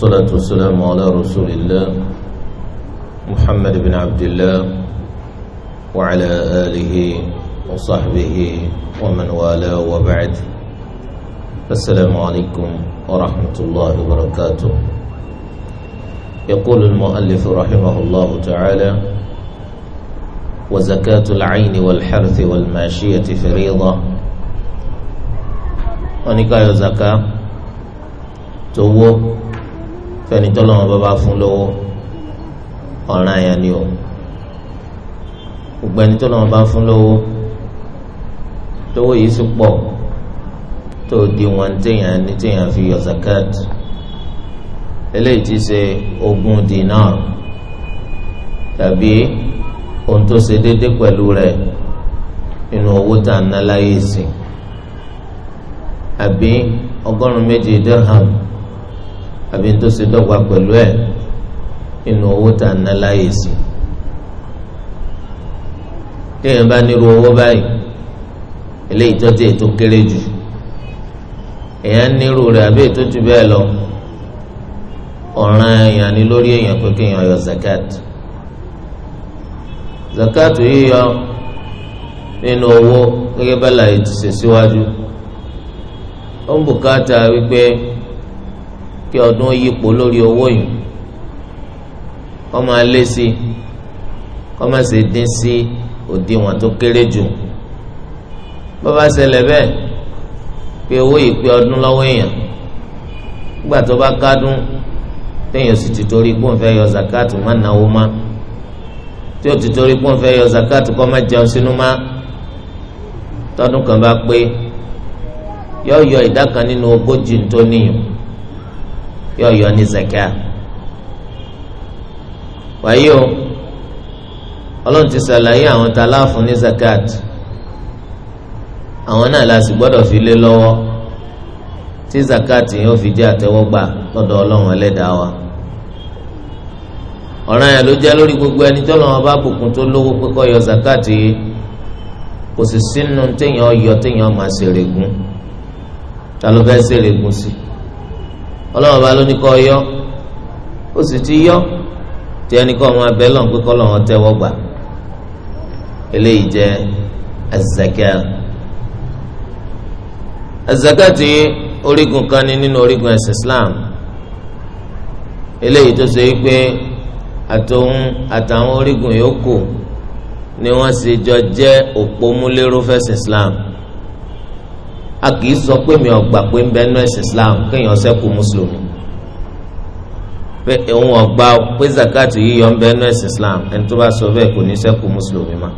والصلاة والسلام على رسول الله محمد بن عبد الله وعلى آله وصحبه ومن والاه وبعد السلام عليكم ورحمة الله وبركاته يقول المؤلف رحمه الله تعالى وزكاة العين والحرث والماشية فريضة ونكاية زكاة تَوَّ fẹ́ni tọ́lọ́wọ́n bá bá fún lówó ọ̀ràn àyàn ni o gbogbo ẹni tọ́lọ́wọ́n bá fún lówó lówó yìí sì pọ̀ tó di wọn téèyàn ní téèyàn fi yọ zakat eléyìí ti ṣe ogún dinar tàbí ohun tó ṣe déédéé pẹ̀lú rẹ̀ nínú owó tá a ná sí àbí ọgọ́rùn-ún méjì dirham àbí tó ṣe dọ́gba pẹ̀lú ẹ̀ nínú owó tá a ná láyè sí téèyàn bá nírú owó báyìí eléyìí tó ti ètò kéré jù èèyàn nírú rẹ̀ àbí ètò jù bẹ́ẹ̀ lọ ọ̀ràn èèyàn ni lórí èèyàn pé kéèyàn yọ zakat zakat yíyọ nínú owó gẹ́gẹ́ bá láyè ti ṣe síwájú ó ń bùkátà wípé. Si kí ọdún yípo lórí owó yìí kọ́ máa lé sí i kọ́ máa ṣe dín sí òdiwọ̀n tó kéré jù bó bá ṣẹlẹ̀ bẹ́ẹ̀ pé owó yìí pé ọdún lọ́wọ́ èèyàn nígbà tó bá kádùn téèyàn sì ti torí pé òun fẹ́ yọ zakat má náwó má tí ó ti torí pé òun fẹ́ yọ zakat kọ́ má jẹun sínú má tọdún kan bá pé yọ yọ ìdá kan nínú ogójì tó níyàn yóò yọ ní zaka wàyí o ọlọ́run ti ṣàlàyé àwọn tá a láàfún ní zakat àwọn náà la sì gbọ́dọ̀ fi lé lọ́wọ́ tí zakat yóò fi jẹ́ àtẹ́wọ́gbà lọ́dọ̀ ọlọ́run ẹlẹ́dàá wa ọ̀ràn yẹn ló jẹ́ lórí gbogbo ẹni tí ọlọ́run bá bùkún tó lówó pé kó yọ zakat yìí kò sì sínú téèyàn yọ téèyàn máa ṣèrègùn ta ló fẹ́ ṣèrègùn sí i ọlọ́wọ́n bá ló ní kọ́ yọ ó sì ti yọ tí ẹnì kan máa bẹ́ lọ́n pé kọ́ lọ́wọ́n tẹ́wọ́ gbà eléyìí jẹ́ azaka azaka ti orígun kan ní nínú orígun ẹ̀sìn Islam eléyìí tó ṣe pé àtòun àtàwọn orígun yòókù ni wọ́n sì jọ jẹ́ òpómúlérò fẹ́sìn Islam a kì í sọ pé mi ò gbà pé ń bẹ nínú ẹ̀sìn Islam kéèyàn ṣẹ́kù mùsùlùmí pé òun ọ̀gbà pé zakati yíyọ ń bẹ nínú ẹ̀sìn Islam ẹni tó bá sọ bẹ́ẹ̀ kò ní ṣẹ́kù mùsùlùmí mọ́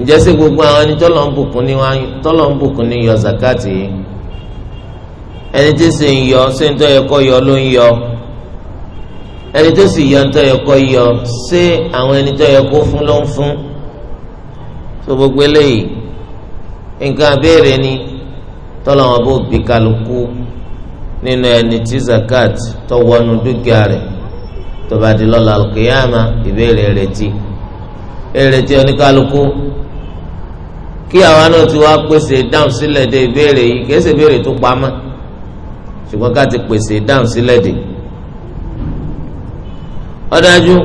ǹjẹ́ sí gbogbo àwọn ẹni tọ́lọ̀ ń bùkún ní wá tọ́lọ̀ ń bùkún ní yọ zakat yìí ẹni tí sì ń yọ ṣé ń tọ́ yẹ kọ́ yọ ló ń yọ ẹni tó sì yọ ń tọ́ yẹ kọ́ yọ ṣé àwọn ẹni tọ́ yẹ kó fún ló ń fún tó gbogbo eléyìí nǹkan abéèrè ni tọ́lọ́wọ́n bó bí kálukú nínú ẹni tí zakat tó wọnú dúkìá rẹ̀ tó bá di lọ́la alkiyama ìbéèrè retí èrètí oníkálukú kí àwa náà ti wá pèsè dáhùn sílẹ̀ de ìbéèrè yìí kìí ṣe ìbéèrè tó pamọ́ ṣùgbọ́n ká ti pèsè dáhùn sílẹ̀ de. ọ̀dájú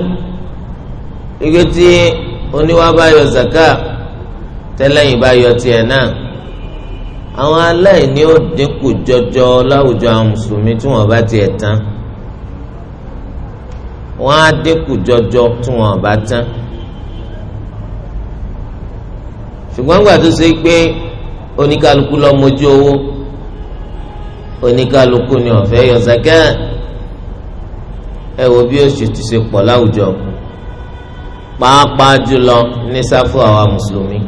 igi tí oníwà zakat tẹ́lẹ̀yìn bá yọ tiẹ̀ náà àwọn aláìní ó dínkù jọjọ láwùjọ àwọn mùsùlùmí tí wọ́n bá tiẹ̀ tán wọ́n á dínkù jọjọ tí wọ́n bá tán ṣùgbọ́n gbà tó ṣe pé oníkálukú lọ mójú owó oníkálukú ni ọ̀fẹ́ yọ sẹ́kẹ́ ẹ wo bí oṣù ti ṣe pọ̀ láwùjọ pàápàá jùlọ ní sáfù àwa mùsùlùmí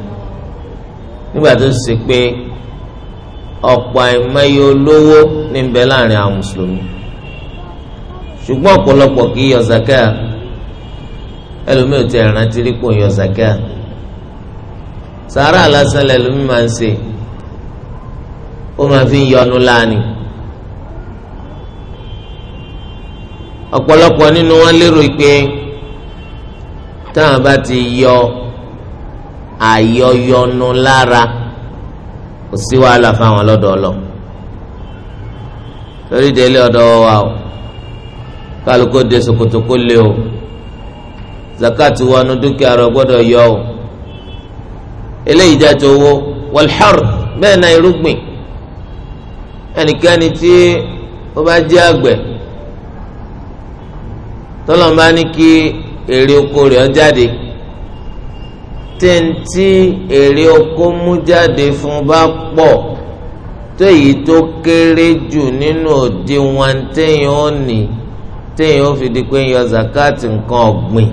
nígbà tó ṣe pé ọ̀pọ̀ àìmọye olówó ní ń bẹ láàrin àwọn mùsùlùmí ṣùgbọ́n ọ̀pọ̀lọpọ̀ kì í yọ zaka ẹlòmíì ò ti rántí rí kò yọ zaka sàárà lásán lẹlòmíì máa ń ṣe ó máa fi ń yọnu láàánì ọ̀pọ̀lọpọ̀ nínú wọn lérò pé táwọn bá ti yọ àyọyọnu lára kò sí wàhálà fáwọn lọ́dọ̀ ọlọ torí délé ọ̀dọ̀ wa o kálukó de ṣòkòtò kó lé o zakati wọnú dúkìá rẹ̀ gbọ́dọ̀ yọ o eléyìí jẹjọ owó wọlhọr bẹ́ẹ̀ náà irúgbìn ẹnikẹ́ni tí ó bá jẹ́ àgbẹ̀ tọlọmọba ní kí èrè oko rẹ̀ ọ jáde. tẹ́ǹtì èrè oko mú jáde fún bá pọ̀ èyí tó kéré jù nínú òdiwọ̀n téyìn ó ní téyìn ó fi di pé yọ zakat nǹkan ọ̀gbìn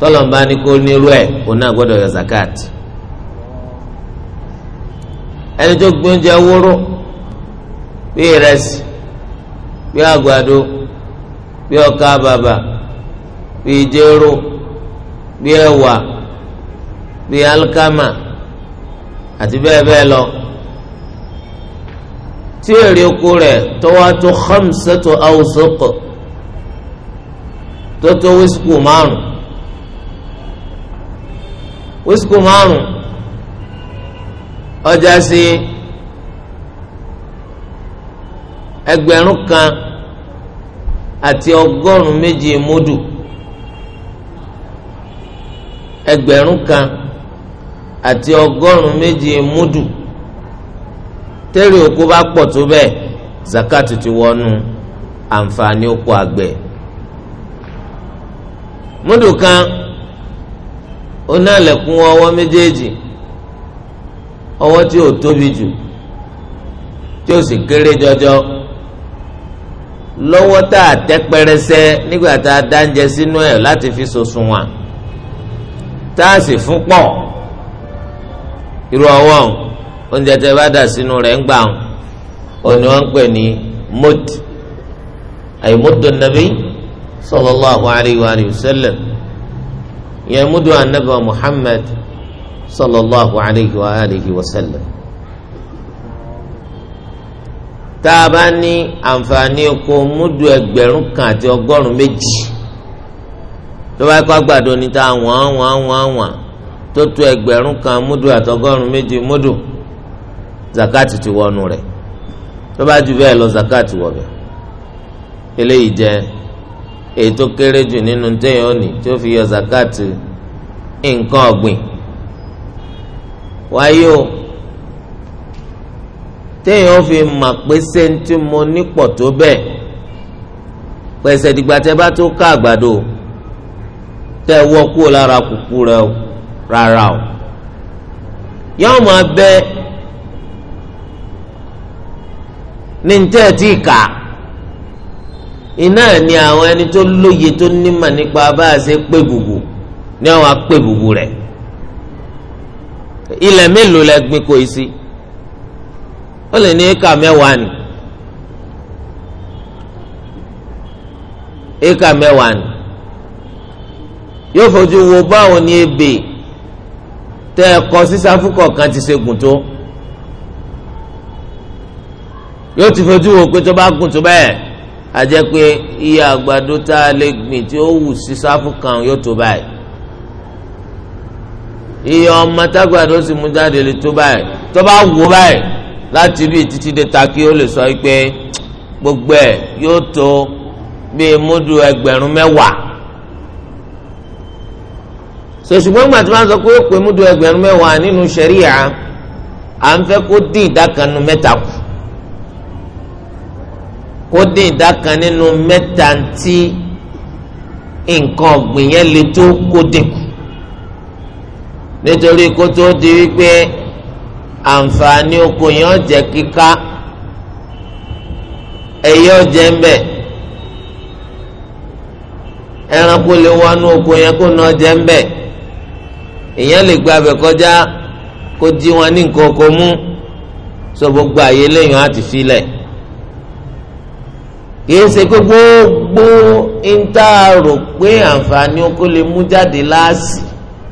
tọ́lọ̀mbá ní nírú ẹ̀ kó náà gbọ́dọ̀ yọ ẹni tó gbé oúnjẹ wúrú bí ìrẹsì bí àgbàdo bíi alikama àti bẹ́ẹ̀ bẹ́ẹ̀ lọ tí èrè oko rẹ̀ tọ́wọ́ tó khamsatu awsuq tó tó wíṣíkù márùn wíṣíkù márùn ọjà sí ẹgbẹ̀rún kan àti ọgọ́rùn-ún méjì múdù ẹgbẹ̀rún kan àti ọgọ́rùn-ún méjì múdù tẹ́lẹ̀ òkú bá pọ̀ tó bẹ́ẹ̀ zakat ti wọnú àǹfààní oko àgbẹ̀ múdù kan ó ná lẹ̀kùn ọwọ́ méjèèjì ọwọ́ tí ò tóbi jù tí ó sì kéré jọjọ lọ́wọ́ tá a tẹ́ pẹrẹsẹ nígbà tá a dáńjẹ sínú ẹ̀ láti fi sòsùn wà tá a sì fún pọ̀ irú ọwọ́ ọ̀hún oúnjẹ tẹ bá dà sínú rẹ̀ ń gbà ọ̀hún òní wọ́n ń pè ní mud àyè nàbí sallallahu alayhi wa sallam ìyẹn mudu anabi muhammad sallallahu alayhi wa alihi wa sallam. tá a bá ní àǹfààní oko mudu ẹgbẹ̀rún kan àti ọgọ́rùn-ún méjì tó bá kọ́ àgbàdo ní ta wọ́n wọ́n wọ́n wọ́n tó tó ẹgbẹ̀rún kan múdù àtọgọ́rùn méjì múdù zakati ti wọnú rẹ̀ tó bá ju bẹ́ẹ̀ lọ zakati wọ bẹ́ẹ̀ eléyìí jẹ́ èyí tó kéré jù nínú téèyàn òní tó fi yọ zakati nǹkan ọ̀gbìn wáyé o téèyàn fi mà pé sẹ́ńtì mo nípò tó bẹ́ẹ̀ pẹ̀sẹ̀ dìgbà tẹ́ bá tó ká àgbàdo tẹ́ wọ́ kúrò lára kùkú rẹ o. rárá o yọọ mọ abẹ ní ntẹ tí kà iná ni àwọn ẹni tó lóye tó nímọ̀ nípa bá a ṣe pé bùbù ní àwọn apé bùbù rẹ̀ ilẹ̀ mélòó lẹ gbin kò sí ó lè ní éka mẹ́wàá ni eka mẹ́wàá ni yóò fojú wo báwo ni ebè tẹ ẹ kọ sísáfù kọ̀ọ̀kan ti ṣe gùn tó yóò ti fojú wo pé tó bá gùn tó bẹ́ẹ̀ a jẹ́ pé iye àgbàdo tá a lè gbìn tí ó wù sísáfù kan yóò tó báyìí iye ọmọ tágbàdo sì mú jáde lè tó báyìí tó bá wù báyìí láti bí títí de takí ó lè sọ pé gbogbo ẹ yóò tó bíi múdù ẹgbẹ̀rún mẹ́wàá so ṣùgbọ́n ìgbà tí wọ́n sọ pé ó pè múdu ẹgbẹ̀rún mẹ́wàá nínú ṣẹ̀ríà à ń fẹ́ kó dín ìdá kan nínú mẹ́ta kù kó dín ìdá kan nínú mẹ́ta tí nǹkan ọ̀gbìn yẹn le tó kó dín kù nítorí kó tó di wípé àǹfààní oko yẹn ọ̀jẹ̀ kíká ẹyẹ ọ̀jẹ̀ ń bẹ ẹranko lè wọnú oko yẹn kó nà ọ̀jẹ̀ ń bẹ èèyàn lè gba abẹ kọjá kó dí wọn ní nǹkan oko mú so gbogbo àyè lẹ́yìn àti filẹ̀ kìí ṣe pé gbogbo ń tá a rò pé àǹfààní oko lè mú jáde láàsì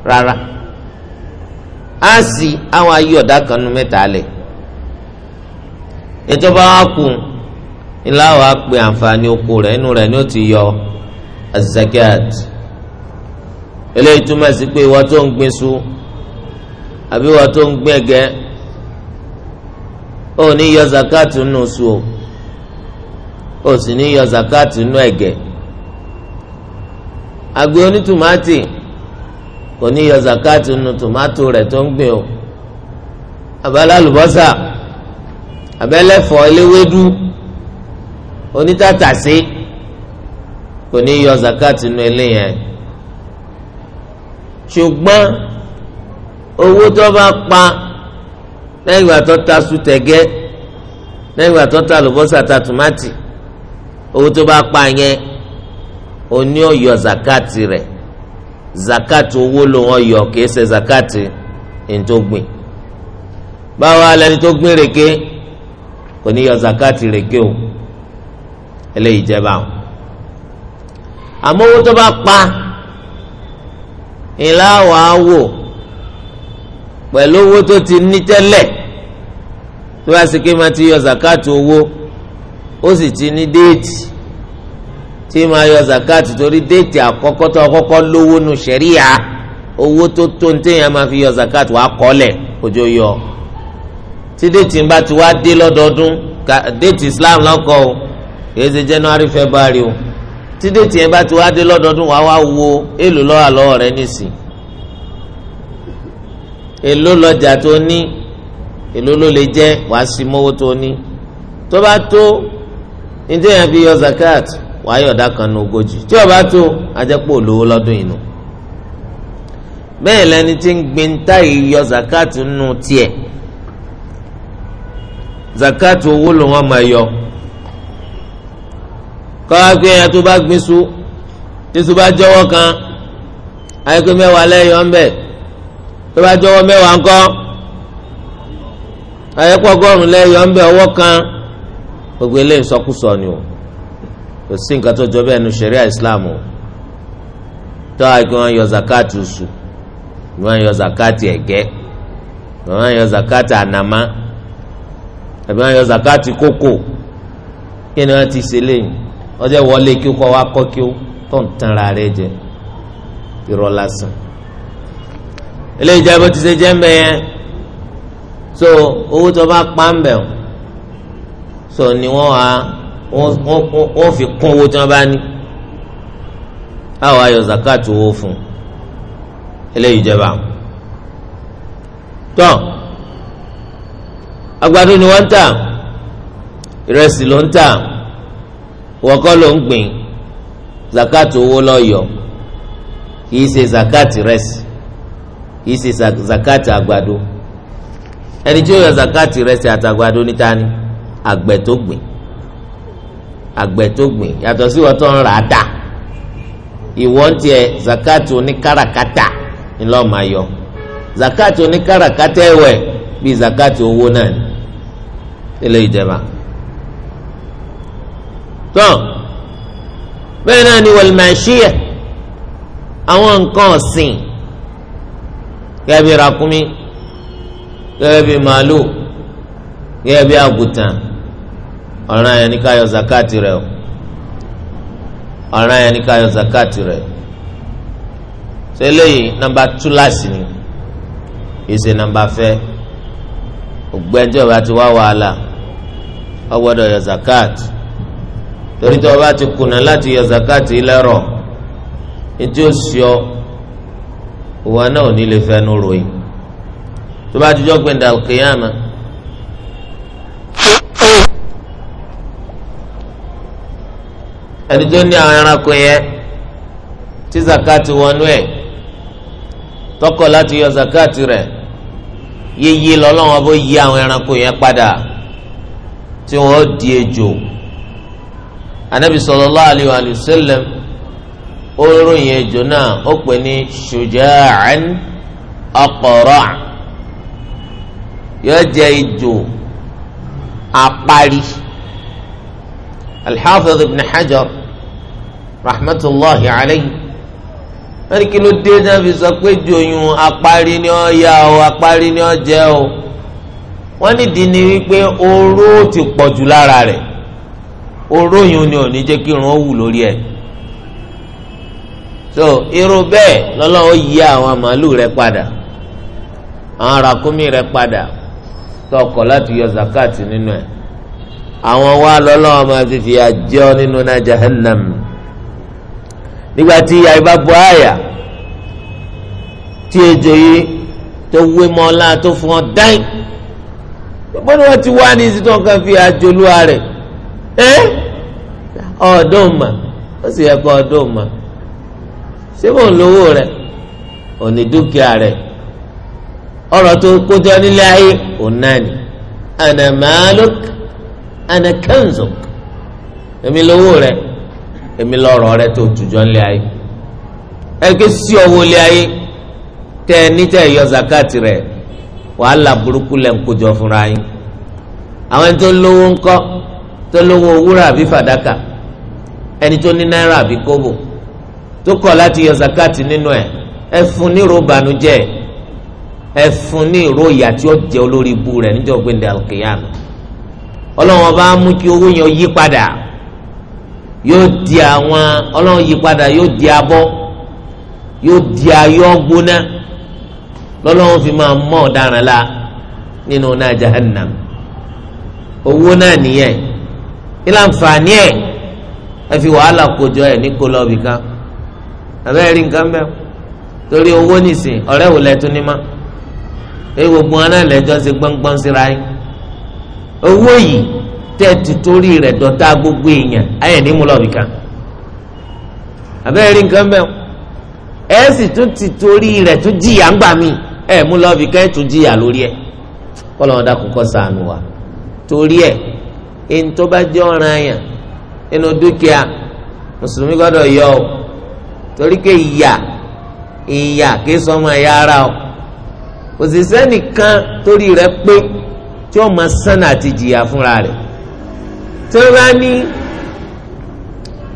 rárá àsì àwọn ayé ọ̀dà kan nu mẹ́ta lẹ̀ ìjọba wa kù ńlá wa pe àǹfààní oko rẹ̀ inú rẹ̀ ni ó ti yọ azakat eléyìí túmọ̀ sí pé ìwọ tó ń gbin su àbí ìwọ tó ń gbin ẹ̀gẹ́ ó ní yọ zakatu nù su o ó sì ní yọ zakatu nù ẹ̀gẹ́ àgbẹ̀ onítùmátì kò ní yọ zakatu nù tòmátò rẹ̀ tó ń gbin o àbálá àlùbọ́sà àbẹ́lẹ́fọ̀ eléwédú onítàtàsé kò ní yọ zakatu nù eléyẹn ṣùgbọ́n owó tó bá pa lẹ́yìn ìgbà tó ta su tẹ̀gẹ́ lẹ́yìn ìgbà tó ta lùbọ́sà ta tòmátì owó tó bá pa yẹn oní ọ̀yọ́ zakati rẹ̀ zakati owó ló wọ́n yọ kìí ṣe zakati ntògbìn báwo alẹ́ni tó gbìn rèké kò ní yọ zakati rèké o eléyìí jẹ́ báwọn àmọ́ owó tó bá pa ìlà wàá wò pẹ̀lú owó tó ti ní tẹ́lẹ̀ tó bá sì ké máa ti yọ zakati owó ó sì ti ní déètì tí máa yọ zakati torí déètì àkọ́kọ́ tó kọ́kọ́ lówó nu sẹ̀ríà owó tó tó ní téèyàn máa fi yọ zakati wàá kọ́lẹ̀ òjò yọ tí déètì bá ti wá dé lọ́dọọdún déètì Islam lọ́kọ̀ o kì ṣe January February o tí déètì yẹn bá ti wá dé lọ́dọọdún wàá wá wo èlò lọ́wọ́ lọ́wọ́ rẹ nísìn èlò lọ́jà tó ní èlò ló lè jẹ́ wàá sí mọ́wó tó ní tó bá tó nítorí yẹn fi yọ zakat wàá yọ̀dá kan ní ogójì tí ó bá tó ajẹ́pọ̀ olówó lọ́dún yìí nù bẹ́ẹ̀ lẹni tí ń gbin táyì yọ zakat nù tiẹ̀ zakat owó ló wọ́n máa yọ kọ́ra pé ẹ̀yà tó bá gbin su tíṣu bá jọwọ́ kan àyíkú mẹ́wàá lẹ́yìn ọ̀nbẹ̀ tó bá jọwọ́ mẹ́wàá ńkọ́ àyíkú ọgọ́rùn-ún lẹ́yìn ọ̀nbẹ̀ ọwọ́ kan gbogbo eléyìí sọkúsọ ni o kò sí nǹkan tó jọ bẹ́ẹ̀ nu ṣẹ̀ríà Islam o tó àyíkú wọn yọ zakati oṣù ni wọn yọ zakati ẹ̀gẹ́ ni wọn yọ zakati ànàmá àbí wọn yọ zakati kókò kí ni wọn ti ṣe lẹ́yìn ọjọ́ wọlé kí ó kọ́ wa kọ́ kí ó tó ń tan ara rẹ jẹ irọ́ lásán eléyìí jẹ́ bó ti ṣe jẹ́ mbẹ́ yẹn so owó tó bá pa mbẹ́ o so ni wọ́n wá wọ́n fi kún owó tí wọ́n bá ní báwo ayọ̀ zakat owó fún eléyìí jẹ́ bá tọ́ àgbàdo ni wọ́n ń tà ìrẹsì ló ń tà wọ́kọ́ ló ń gbìn zakat owó lọ́yọ̀ kìí ṣe zakat rẹsì kìí ṣe zakat àgbàdo ẹni tí ó yọ zakat rẹsì àtàgbàdo níta ni àgbẹ̀ tó gbìn àgbẹ̀ tó gbìn yàtọ̀ sí wọ́n tó ń rà á dà ìwọ ń tiẹ̀ zakat oníkàràkátà ńlọ máa yọ zakat oníkàràkátà ẹ̀wẹ̀ bíi zakat owó náà ni ilé ìjẹba tán bẹ́ẹ̀ náà ni wàlmàṣíyà àwọn nǹkan ọ̀sìn gẹ́gẹ́ bí ràkúnmí gẹ́gẹ́ bí màálù gẹ́gẹ́ bí àgùtàn ọ̀ràn yẹn ní ká yọ zakati rẹ̀ o ọ̀ràn yẹn ní ká yọ zakati rẹ̀ ṣe eléyìí nàmbà túláàsì ni ìṣe nàmbà fẹ́ ògbẹ́jọba ti wá wàhálà ọgbọ́dọ̀ yọ zakati torí tí wọn bá ti kùnà láti yọ zakati lẹ́rọ̀ etí ó sọ ìwà náà ò ní lè fẹnu ròyìn tó bá dijọ́ gbẹ̀ndà alqiyama ẹni tó ní àwọn ẹranko yẹn tí zakati wọnú ẹ̀ tọkọ láti yọ zakati rẹ̀ yíyí lọ́lọ́wọ́n bó yí àwọn ẹranko yẹn padà tí wọ́n di ejò anabi sallallahu alayhi wa sallam ó ròyìn ejò náà ó pè ní shuja'an aqra' yóò jẹ ejò apari alḥafiz ibn hajar rahmatulahi alayhi wọ́n ní kí ló dé náà fi sọ pé jòyún apárí ni ó yá o apárí ni ó jẹ́ o wọ́n nídìí ni wípé oró ti pọ̀ jù lára rẹ̀ oróyìn ni ò ní jẹ́ kí irun ó wù lórí ẹ̀ so irun bẹ́ẹ̀ lọ́lọ́wọ́ yí àwọn màálù rẹ padà àwọn ràkúnmí rẹ padà tọkọ láti yọ zakat nínú ẹ̀ àwọn wa lọ́lọ́wọ́ máa fi fìyà jẹ ọ́ nínú náà jahannam nígbà tí ìyá ibà bu àyà tí ejò yìí tó wé mọ́ ọ́ láà tó fún ọ dáìn gbogbo wọ́n ti wá ní ìsìtọ́ kan fi àjò lúwa rẹ̀. ẹ ọdún mà ó sì yẹ kó ọdún mà ṣé mò ń lówó rẹ òní dúkìá rẹ ọrọ̀ tó kójọ nílé ayé òun ana maaluk ana kanzuk èmi lówó rẹ èmi lọ́rọ̀ rẹ tó tùjọ nílé ayé ẹ ké sí ọwọ́ nílé ayé tẹ níta ẹ yọ zakati rẹ wàhálà burúkú lẹ ń kójọ fúnra yín àwọn tó lówó ńkọ́. tó lówó àbí fàdákà ẹni tó ní náírà àbí kóbò tó kọ̀ láti yọ zakati nínú ẹ̀ ẹ efu ní ìró bànújẹ́ ẹ ní ìró ìyà tí ó jẹ olórí ibu rẹ̀ níjọ́ gbẹ̀ndẹ̀ alkiyam ọlọ́wọ́n bá mú kí owó yẹn yí padà yóò di àwọn ọlọ́wọ́n yí padà yóò di abọ́ yóò di ayọ́ gbóná kí láǹfààní e, ẹ fi wàhálà kojọ ẹ̀ ní kólọ́ kan àbẹ́rẹ́ rí nǹkan bẹ́ẹ̀ torí owó nìsín ọ̀rẹ́ wò lẹ́tún ní ma èyí gbogbo wọn náà lẹ́jọ́ ṣe gbọ́ngbọ́n síra yín owó yìí gbogbo èèyàn ayẹ̀ ní múlọ̀ kan àbẹ́rẹ́ rí nǹkan bẹ́ẹ̀ ẹ sì tún ti torí rẹ̀ tún jìyà ń gbà mí ẹ̀ múlọ̀ kan ẹni tó bá jẹ́ ọ̀ràn àyàn nínú dúkìá mùsùlùmí gbọ́dọ̀ yọ ọ torí pé ìyà ìyà kì í sọmọ ẹ̀yà ara ọ òṣìṣẹ́ nìkan torí rẹ pé tí ó máa àti jìyà fúnra rẹ̀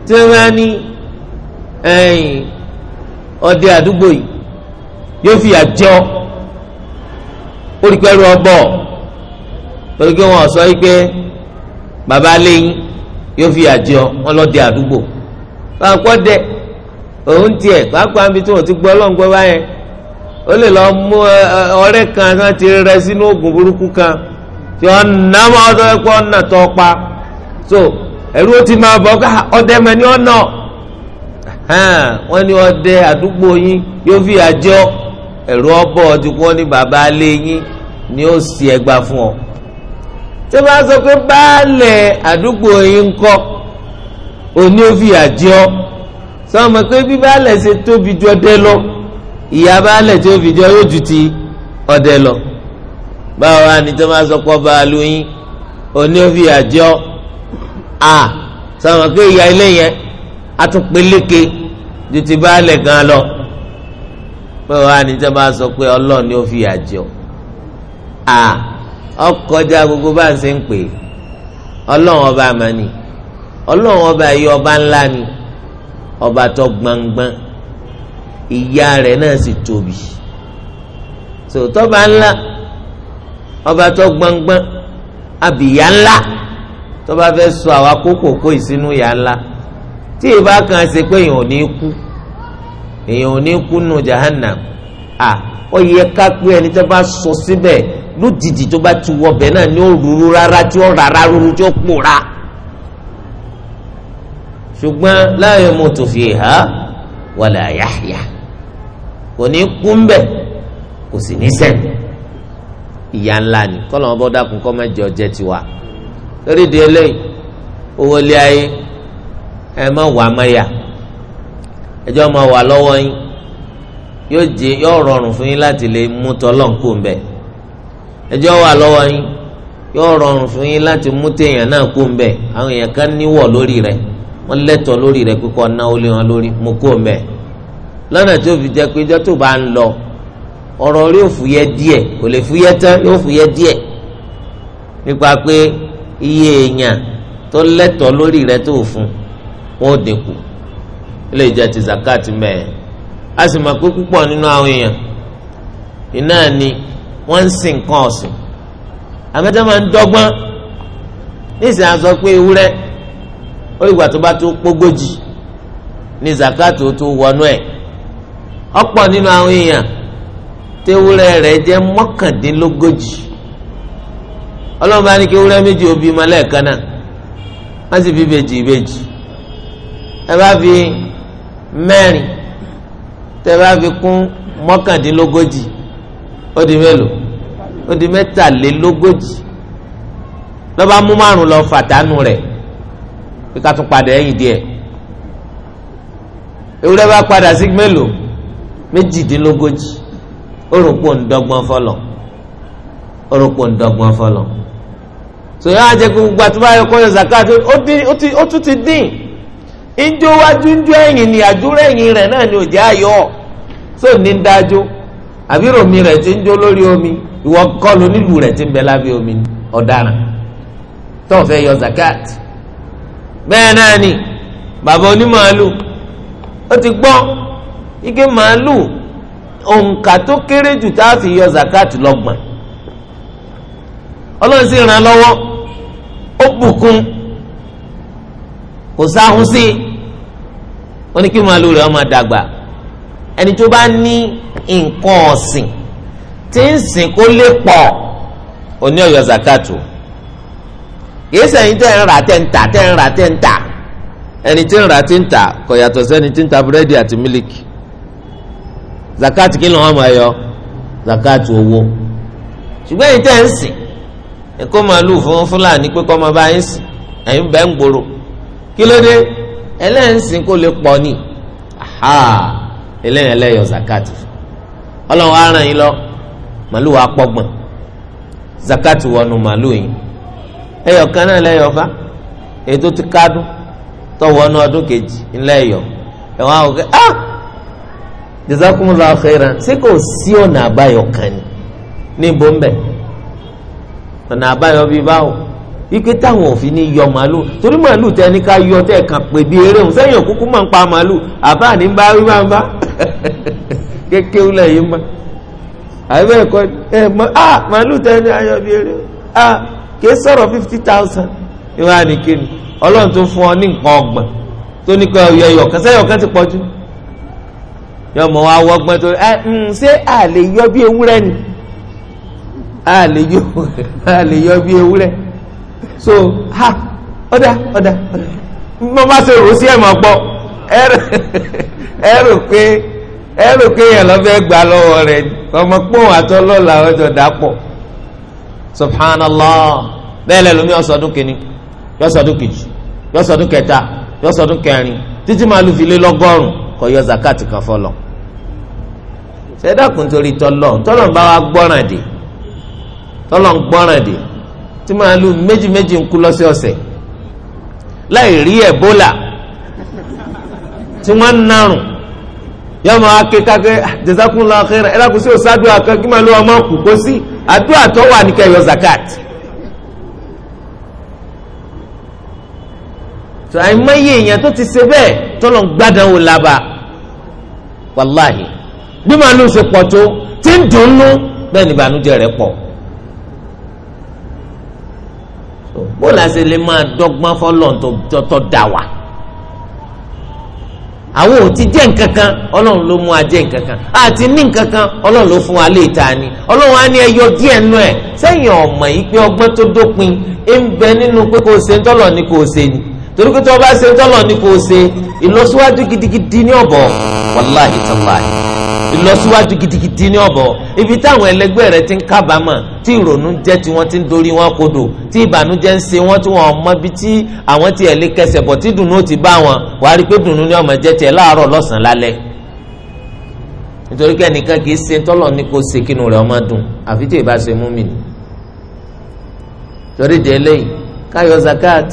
tí wọ́n bá ní àdúgbò yìí yóò fìyà jẹ ọ́ ó torí pé wọn ò yìí pé. Baba lẹ́yìn yóò fi àjẹ ọ wọn lọ dé àdúgbò pàápọ̀ dẹ òun tiẹ̀ pàápàá níbi tí wọ́n ti gbọ ọlọ́ngbọ́ báyẹn ó lè lọ kan ti rẹ sínú oògùn kan tí nà ọdọ ẹ̀kọ́ ọ̀nà tó pa so ẹ̀rú ó ti máa ká ọdẹ ọdẹ àdúgbò yín yóò fi ọ ẹ̀rú ọdún kí ní tí wọ́n bá sọ pé baálẹ̀ àdúgbò yín kọ́ òní ó fi àjẹ́ ọ́ sọmọ pé bí baálẹ̀ ṣe tóbi ju ọdẹ lọ ìyá baálẹ̀ tí ó jọ yóò ju ti ọdẹ lọ báwo wá ní tí wọ́n bá sọ pé báàlú yín òní ó fi àjẹ́ ọ́ à sọmọ pé ìyá ilé yẹn á tún peléke ju ti baálẹ̀ gan lọ báwo wá ní tí wọ́n bá sọ pé ọlọ́ọ̀ni ó fi àjẹ́ ọ́ ọkọjá gbogbo bá ń se ń pè ọlọ́run ọba ọlọ́run ọba ọba ńlá ni ọba tọ gbangban ìyá rẹ̀ náà sì tóbi tọba ńlá ọba tọ gbangban abìyá ńlá tọba fẹ́ sọ àwa kókòkò ìsínú ìyá ńlá tí ìbá kan ṣe pé èèyàn ò ní kú èèyàn ò ní kú nù jahannam ó yẹ ká pé ẹni bá sọ síbẹ̀ lójijì tó bá ti wọ bẹ́ẹ̀ náà ni ó rúru rárá tí ó rárá rúru tí ó pòórá ṣùgbọ́n la yamutu fiha wala yahya kò ní kú ń bẹ̀ kò sì ní sẹ́n ìyá ńlá ni kọ́lọ̀ wọn bọ́ dákun kọ́ má jẹ ọjẹ́ tiwa lórí ìdí eléyìí owó ilé ayé ẹ má wà má ẹjọ́ má wà lọ́wọ́ yín yóò rọrùn fún yín láti lè mú tọ́lọ́ ń ẹjọ́ wà lọ́wọ́ yín yóò rọrùn fún yín láti mú téèyàn náà kú ń àwọn èèyàn kan níwọ̀ lórí rẹ wọ́n lẹ́tọ̀ọ́ lórí rẹ kíkọ́ náwó lé wọn lórí mú kú ń lọ́nà fi jẹ́ pé tó bá ń lọ ọ̀rọ̀ rí òfúyẹ́ iye èèyàn tó lẹ́tọ̀ọ́ lórí tó fún wọn zakat a sì mọ̀ pé púpọ̀ nínú àwọn èèyàn wọ́n ń sin nǹkan ọ̀sìn àmọ́tẹ́ máa ń dọ́gbọ́n a pé ewúrẹ́ ó ìgbà tó bá tó pógójì ní zakato tó wọnú ẹ̀ ọ̀pọ̀ nínú àwọn èèyàn tewúrẹ́ rẹ̀ jẹ́ mọ́kàndínlógójì ọlọ́run bá ní kí ewúrẹ́ méjì òbí bímọ lẹ́ẹ̀kan wọ́n sì bí ìbejì ìbejì ẹ bá fi mẹ́rin tẹ ó di mélòó ó di mẹ́tàlélógójì lọ́ba mú márùn lọ fàtánù rẹ̀ pé ká tún padà ẹ̀yìn díẹ̀ ewúrẹ́ bá padà sí mélòó méjìdínlógójì ó rò pò ń dọ́gbọ́n fọlọ́ ó rò pò ń dọ́gbọ́n fọlọ́ sòyìn àjẹ gbogbo àti báyọ̀ kọ́ yọ zakat ó tún ti dín ìjọ wájú ń jọ ẹ̀yìn ní àdúrà ẹ̀yìn rẹ̀ náà ni òjì ayọ̀ tó ní dájú. àbí omi rẹ ti ń jó lórí omi ìwọ kọlu nílùú rẹ̀ ti ń bẹ lábẹ́ omi ọ̀daràn tó fẹ́ yọ zakat bẹ́ẹ̀ náà ni bàbá onímàálù ó ti gbọ́ ike màálù òǹkà tó kéré jù tá a fi yọ zakat lọ́gbọ̀n ọlọ́run sì ràn lọ́wọ́ ó bùkún kò sáhùn sí i ó ní kí màálù rẹ̀ ọmọ dàgbà ẹni tó bá ní nǹkan ọ̀sìn tí ń sìn kó lè pọ̀ oní ọ̀yọ́ zakatu kìí sẹ́yìn tẹ́ ń rà tẹ́ ń tà tẹ́ ń rà tẹ́ ń tà ẹni tí ń rà tí ń tà kò yàtọ̀ sẹ́ni tí ń ta búrẹ́dì àti mílíkì zakatu kí ló wọn máa yọ zakatu owó ṣùgbọ́n ẹ̀yin tẹ́ ń sìn ẹ̀kọ́ màálù fún fúlàní pé kọ́ máa bá yín sìn ẹ̀yin bẹ́ẹ̀ ń gbòòrò kí ló dé ẹlẹ́yìn sìn kó lè pọ̀ ni aha eléyìn ẹlẹ́yọ̀ zakatu fún ọlọ́run á ràn yín lọ màálù wa pọ́gbọ̀n wọnụ wọnú màálù yín ẹyọ kan náà lẹ́yọ̀ fa ètò ti kádùn tọwọ́nú ọdún kejì ńlẹ́yọ̀ ẹ̀wọ̀n àwọn ah jazakumullahu khairan ṣé kò sí ọ̀nà àbáyọ kan ni ọ̀nà àbáyọ bíi báwo ike táwọn òfin yọ tẹ ká yọ tẹ kàn pé bí eré òun òkúkú máa ń pa màálù kékeré lẹ́yìn mọ́ àbẹ ẹkọ ẹ mọ a màálù tẹni ayọ bíi eré a kìí sọ̀rọ̀ fifty thousand ìwọ ànìkíni Ọlọ́run tó fún ọ ní nǹkan ọgbọ̀n tó ní kọ ọyọ ẹyọ kan sẹyọ kan ti pọ̀ jù yọ mọ wa wọgbọn tó ẹ ṣé a lè yọ bí ewúrẹ́ ni a lè yọ a lè yọ bí ewúrẹ́ so ha ọdà ọdà ọdà mo máa ṣe rò sí ẹ̀ mọ̀ pọ̀ ẹ rò pé. ẹ rò lọ fẹ́ gbà lọ́wọ́ rẹ̀ ọmọ pọ́n àtọ́lọ́lá ọjọ́ dàpọ̀ subhanallah bẹ́ẹ̀ lẹ́ lómi ọ̀sọ̀dún kìíní yọ̀sọ̀dún kejì yọ̀sọ̀dún kẹta yọ̀sọ̀dún kẹrin títí máa lu file lọ́gọ́rùn kò yọ zakati kan fọlọ́ sẹ́dàkùn torí tọ́lọ̀ tọ́lọ̀ bá wa gbọ́ràn dé tọ́lọ̀ ń gbọ́ràn dé tí lu méjì méjì ń kú láì rí tí yọ máa ké káké jazakumullahu khairan ẹ lákòóso ṣáàdùn àkàn kí màá lọ ọmọ kù kó sí àdúrà tó wà ní kẹyọ zakat. tó àìmọye èèyàn tó ti ṣe bẹ́ẹ̀ tọ́lọ̀ ń gbádùn wò lába wàláhì bí màá ló ṣe pọ̀ tó tí ń dùnnú bẹ́ẹ̀ ni ìbànújẹ́ rẹ̀ pọ̀. bó la ṣe lè máa dọ́gbọ́n fọlọ́n tó tọ́ da wa àwọn ò ti jẹ́ nǹkan kan ọlọ́run ló mú wa jẹ́ nǹkan kan àti ní nǹkan kan ọlọ́run ló fún wa lè ta ni ọlọ́run á ní ẹyọ díẹ̀ nú ẹ̀ sẹ́yìn ọ̀mọ̀ yìí pé ọgbọ́n tó dópin ń bẹ nínú pé kò ṣe ń tọ́lọ̀ ni kò ṣe ni torí pé tó o bá ṣe tọ́lọ̀ ní kò ṣe ìlọsíwájú gidigidi ní ọ̀bọ̀ wàláhì tàláhì ìlọsíwájú gidigidi ní ọ̀bọ̀ ibi táwọn ẹlẹgbẹ́ rẹ ti ń kábàámà tí ìrònú jẹ́ tí wọ́n ti ń dorí wọn kodò tí ìbànújẹ́ ń ṣe wọ́n tí wọ́n mọ bí tí àwọn ti ẹ̀ lé kẹsẹ̀ bọ̀ tí dùnú ti bá wọn wàá rí pé dùnú ní ọmọ jẹ́ tiẹ̀ láàárọ̀ lọ́sàn-án lálẹ́ nítorí pé ẹnìkan kì í ṣe tọ́lọ̀ ní kò ṣe kínú rẹ̀ ọmọ dùn àfi tí ìbá ṣe mú mi ni torí délé káyọ̀ zakat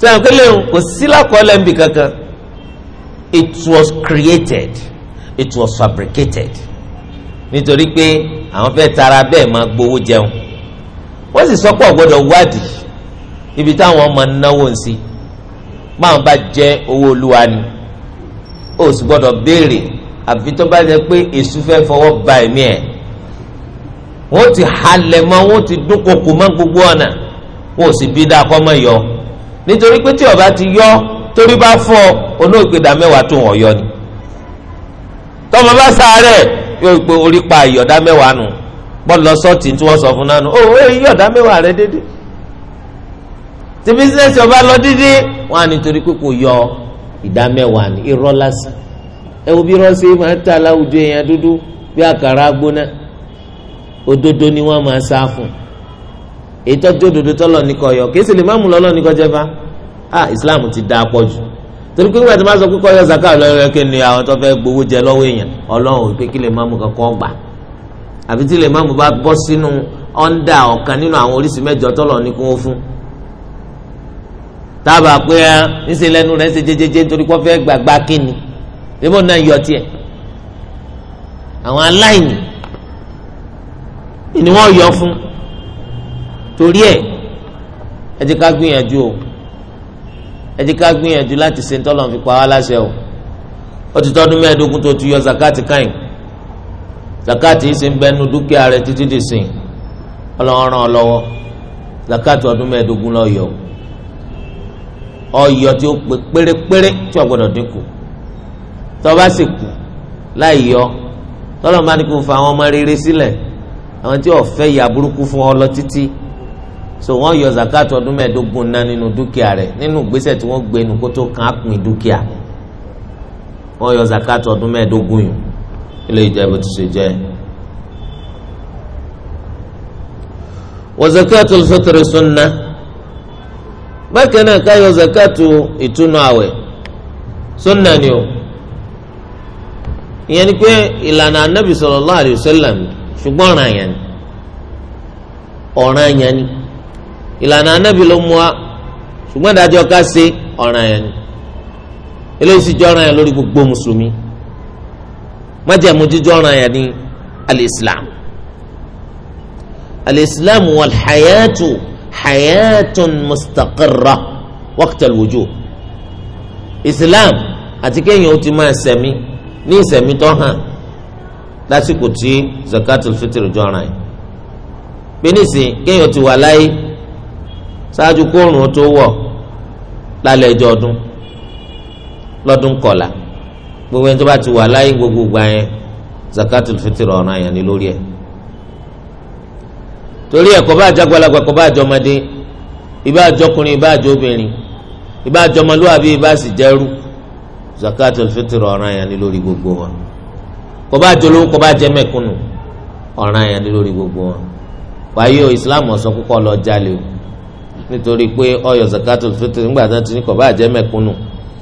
sẹ́yìn kele kò sí lákọọ́lẹ̀ nbí kankan it was created it was fabricated nítorí pé àwọn fẹ́ tara bẹ́ẹ̀ máa gbowó jẹun wọ́n sì sọ pé ọ̀gbọ́dọ̀ wádìí ibi táwọn ọmọ náwó ń sí máa bá jẹ́ owó olúwa ni ó sì gbọ́dọ̀ béèrè àfi tó bá jẹ́ pé èṣù fẹ́ fọwọ́ ba ẹ̀mí ẹ̀ wọ́n ti halẹ̀ mọ́ wọ́n ti dúnkokò mọ́ gbogbo ọ̀nà wọ́n sì bí dáa kọ́ mọ́ yọ nítorí pé tí ọba ti yọ torí bá fọ onóògbèdà mẹ́wàá tó wọ́n yọ ni tọmọ bá sáré yóò pé orí pa ìyọ̀dá mẹ́wàá nù bọ́ọ̀lù lọ́sọ̀tì tí wọ́n sọ fún nánu ó ó ìyọ̀dá mẹ́wàá rẹ dédé tí bísíǹsì ọba lọ dídí wọn à nítorí pé kò yọ ìdá mẹ́wàá ní irọ́ lásán ẹ wo bí rọ́ọ̀sì máa ń ta láwùjọ èèyàn dúdú bí àkàrà gbóná òdodo ni wọ́n máa sá fún un èyí tọ́jú òdodo tọ́lọ̀ ní kọyọ kìí sì lè má mú lọ́lọ́ ní kọjá fa ah islam ti dáa pọ̀ jù torí pé nígbà tí wọ́n sọ pé kọyọ zaka ọlọ́yọ̀ kí ni àwọn tó fẹ́ gbowó jẹ lọ́wọ́ èèyàn ọlọ́run pé kí lè má mú kankan gbà àbí tí lè má mú bá bọ́ sínú ọ̀ndà ọ̀kan nínú àwọn oríṣi mẹ́jọ tọ́lọ̀ ní kún ó fún tábà pé ẹ ah, ńṣe lẹ́nu rẹ̀ ṣe jẹjẹjẹ nítorí pé fẹ́ gbàgbá ni débò náà torí ẹ̀ ẹ ti ká gbìyànjú o ẹ ti ká gbìyànjú láti ṣe ntọ́lọ́n fi pa wá láṣẹ o ó ti tọ́dún mẹ́ẹ̀ẹ́dógún tó ti yọ zakati káyìn zakati yìí ṣe ń bẹnu dúkìá rẹ títí di sìn ọlọ́run ràn zakati ọdún mẹ́ẹ̀ẹ́dógún lọ́ọ́ yọ ọ yọ tí ó pé pérépéré tí ó gbọ́dọ̀ dínkù tó bá sì kù láì yọ tọ́lọ́mọ́ bá ní kó fa àwọn ọmọ rere sílẹ̀ àwọn tí ò fẹ́ ìyà burúkú fún ọ lọ títí so wọ́n yọ zakat ọdún mẹ́ẹ̀ẹ́dógún náà nínú dúkìá rẹ nínú tí wọ́n gbé nu kó tó kàn á pin dúkìá yọ zakat ọdún mẹ́ẹ̀ẹ́dógún yìí ilé ìjẹ́bù ti ṣe jẹ́. wa zakatul fitr bákan náà ká yọ zakatu ìtúnu àwẹ̀ ni o ìyẹn ni pé ìlànà anabi ìlànà anábì ló mú wa ṣùgbọ́n ìdájọ́ ká ṣe ọ̀ràn yẹn ni eléyìí sì jẹ́ ọ̀ràn yẹn lórí gbogbo mùsùlùmí májẹ̀mú jíjọ́ ọ̀ràn yẹn ni alìsílámù alìsílámù wàlhayàtù hayàtùn mustaqirra waqtal wujub islam àti kéèyàn ó ti máa ṣẹ̀mí ní ìṣẹ̀mí tó hàn lásìkò tí zakatul fitr jọra ẹ̀ pé kéèyàn ti wà láyé ṣáájú kóòrùn ó tó wọ̀ lálẹ́ ẹjọ́ ọdún lọ́dún kọ̀la gbogbo ẹni tó bá ti wà láyé gbogbo ìgbà yẹn zakatul fitr ọ̀ràn yẹn ni lórí ẹ̀ torí ẹ̀ kó bá àjàgbàlagbà kó bá àjọmọdé ìbá àjọkùnrin ìbá àjọbìnrin ìbá àjọmọlúwàbí ìbá sì jẹ́rú zakatul fitr ọ̀ràn yẹn ni lórí gbogbo wọn kó bá àjọlówó kó bá jẹ́ mẹ̀kúnnù ọ̀ràn yẹn ni lórí gbogbo wọn wáyé o islam ọ̀sán kúkọ́ lọ jalè o nítorí pé ọyọ zakatul fitr nígbà tí wọn ti ní kọba àjẹ mẹ̀kúnnù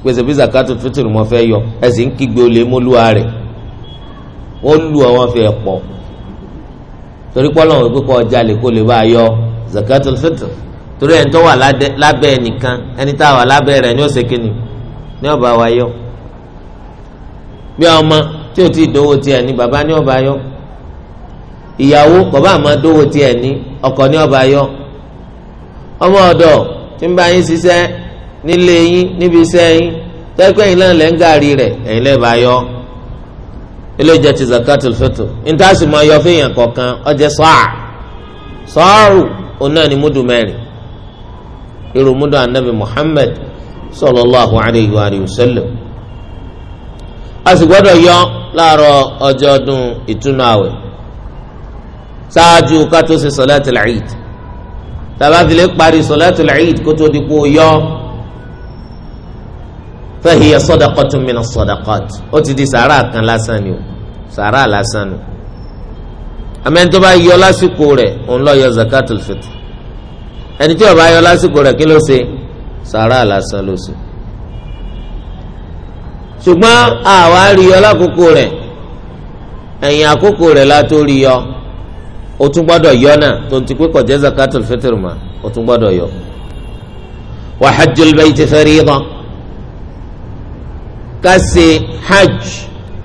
pèsè bí zakatul fitr mo fẹ́ yọ ẹsìn kígbe olè mọlúwa rẹ wọn lu àwọn fi ẹpọ torí pọlọ wọn pípọ ọjà lè kó lè bá yọ zakatul fitr torí ẹni tó wà lábẹ́ ẹnìkan ẹni tá a wà lábẹ́ rẹ̀ ni ó ṣe kíni ni ọba wa yọ bí ọmọ tí o ti dówó tiẹ̀ ní bàbá ni ọba yọ ìyàwó bàbá àmọ́ dówó tiẹ̀ ní ọkọ ni ọba yọ ọmọ ọ̀dọ̀ tí ń bá yín ṣiṣẹ́ nílé yín níbi iṣẹ́ yín tẹ́gbẹ́ yín náà lẹ́ ń gàrí rẹ̀ ẹ̀yin lẹ́ẹ̀ bá yọ ilé jẹ ti zakatul fitr ntaasi máa yọ fún èèyàn kọ̀ọ̀kan ọjẹ́ sọ́à sọ́ọ̀rù òun náà ni múdù mẹ́rin irú múdù anabi muhammed sallallahu alayhi wa sallam a yọ láàárọ̀ ọjọ́ ọdún ìtúnu àwẹ̀ ṣáájú ká ṣe sọ́lá tìlẹ̀ ẹ̀yìn tàbá fi lè parí sọláàtù lẹ́yìn kó tó di kó yọ fahiya sadaqatun mina sadaqat ó ti di sàrà kan lásán ni o sàrà lásán ni àmẹ́ni tó bá yọ lásìkò rẹ̀ òun lọ yọ zakatul fitr ẹni tí ó bá yọ lásìkò rẹ̀ kí ló ṣe sàrà lásán ló ṣe ṣùgbọ́n àwa rí yọ lákòókò rẹ̀ ẹ̀yìn àkókò rẹ̀ látó o tún gbọ́dọ̀ yọ náà tó ti pé kọjá zakatul fitr ma o tún gbọ́dọ̀ yọ. wà hajjul bayti fariida ká ṣe hajj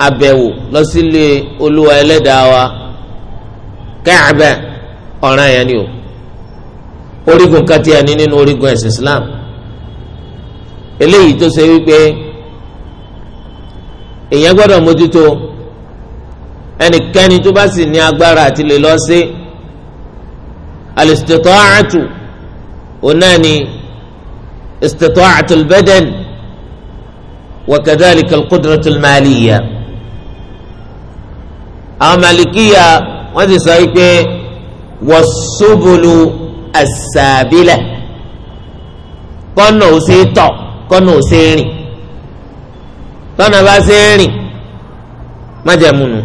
abẹ́wò lọ sílé olúwa ẹlẹ́dàá wa káàbà ọ̀ràn yẹn ni o orígun kàtí ẹni nínú orígun ẹ̀sìn islam eléyìí tó ṣe wípé èèyàn gbọ́dọ̀ mójútó ẹnikẹ́ni tó bá sì ní agbára àti lè lọ sí al-istita'atu onani istita'atu al-badan wa kadhalika al-qudratu al-maliyya àwọn malikiya wọ́n ti sọ wípé was-subulu kọ́nà ò sí tọ̀ kọ́nà ò sí rìn tọ́nà bá sí rìn májẹ̀múnu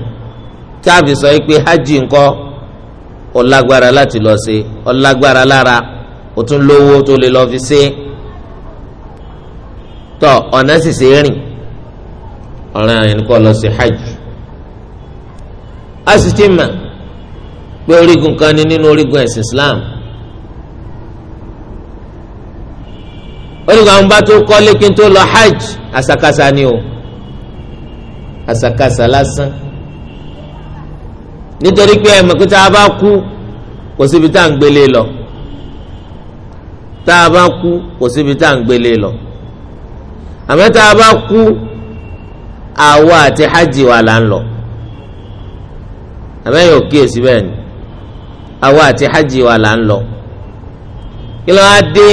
táàbì sọ pé hajj ńkọ́ ó lágbára láti lọ ṣe ó lágbára lára ó tún lówó tó lè lọ fi ṣe tọ ọ̀nà sì ṣe rìn ọ̀ràn yẹn kọ́ lọ sí hajj a sì ti mà pé orígun kan ni nínú orígun ẹ̀sìn Islam orígun àwọn bá tó kọ́lé kí tó lọ hajj àṣàkáṣà ni o àṣàkáṣà lásán nítorí pé ẹ mọ̀ pé tá a bá kú kò síbi tá à ń gbélé lọ tá a bá kú kò síbi tá à ń gbélé lọ àmọ́ tá a bá kú àwa àti hajj wa là ń lọ àmẹ́yìn òkíyèsí bẹ́ẹ̀ ni àwa àti hajj wa là ń lọ kí ló wá dé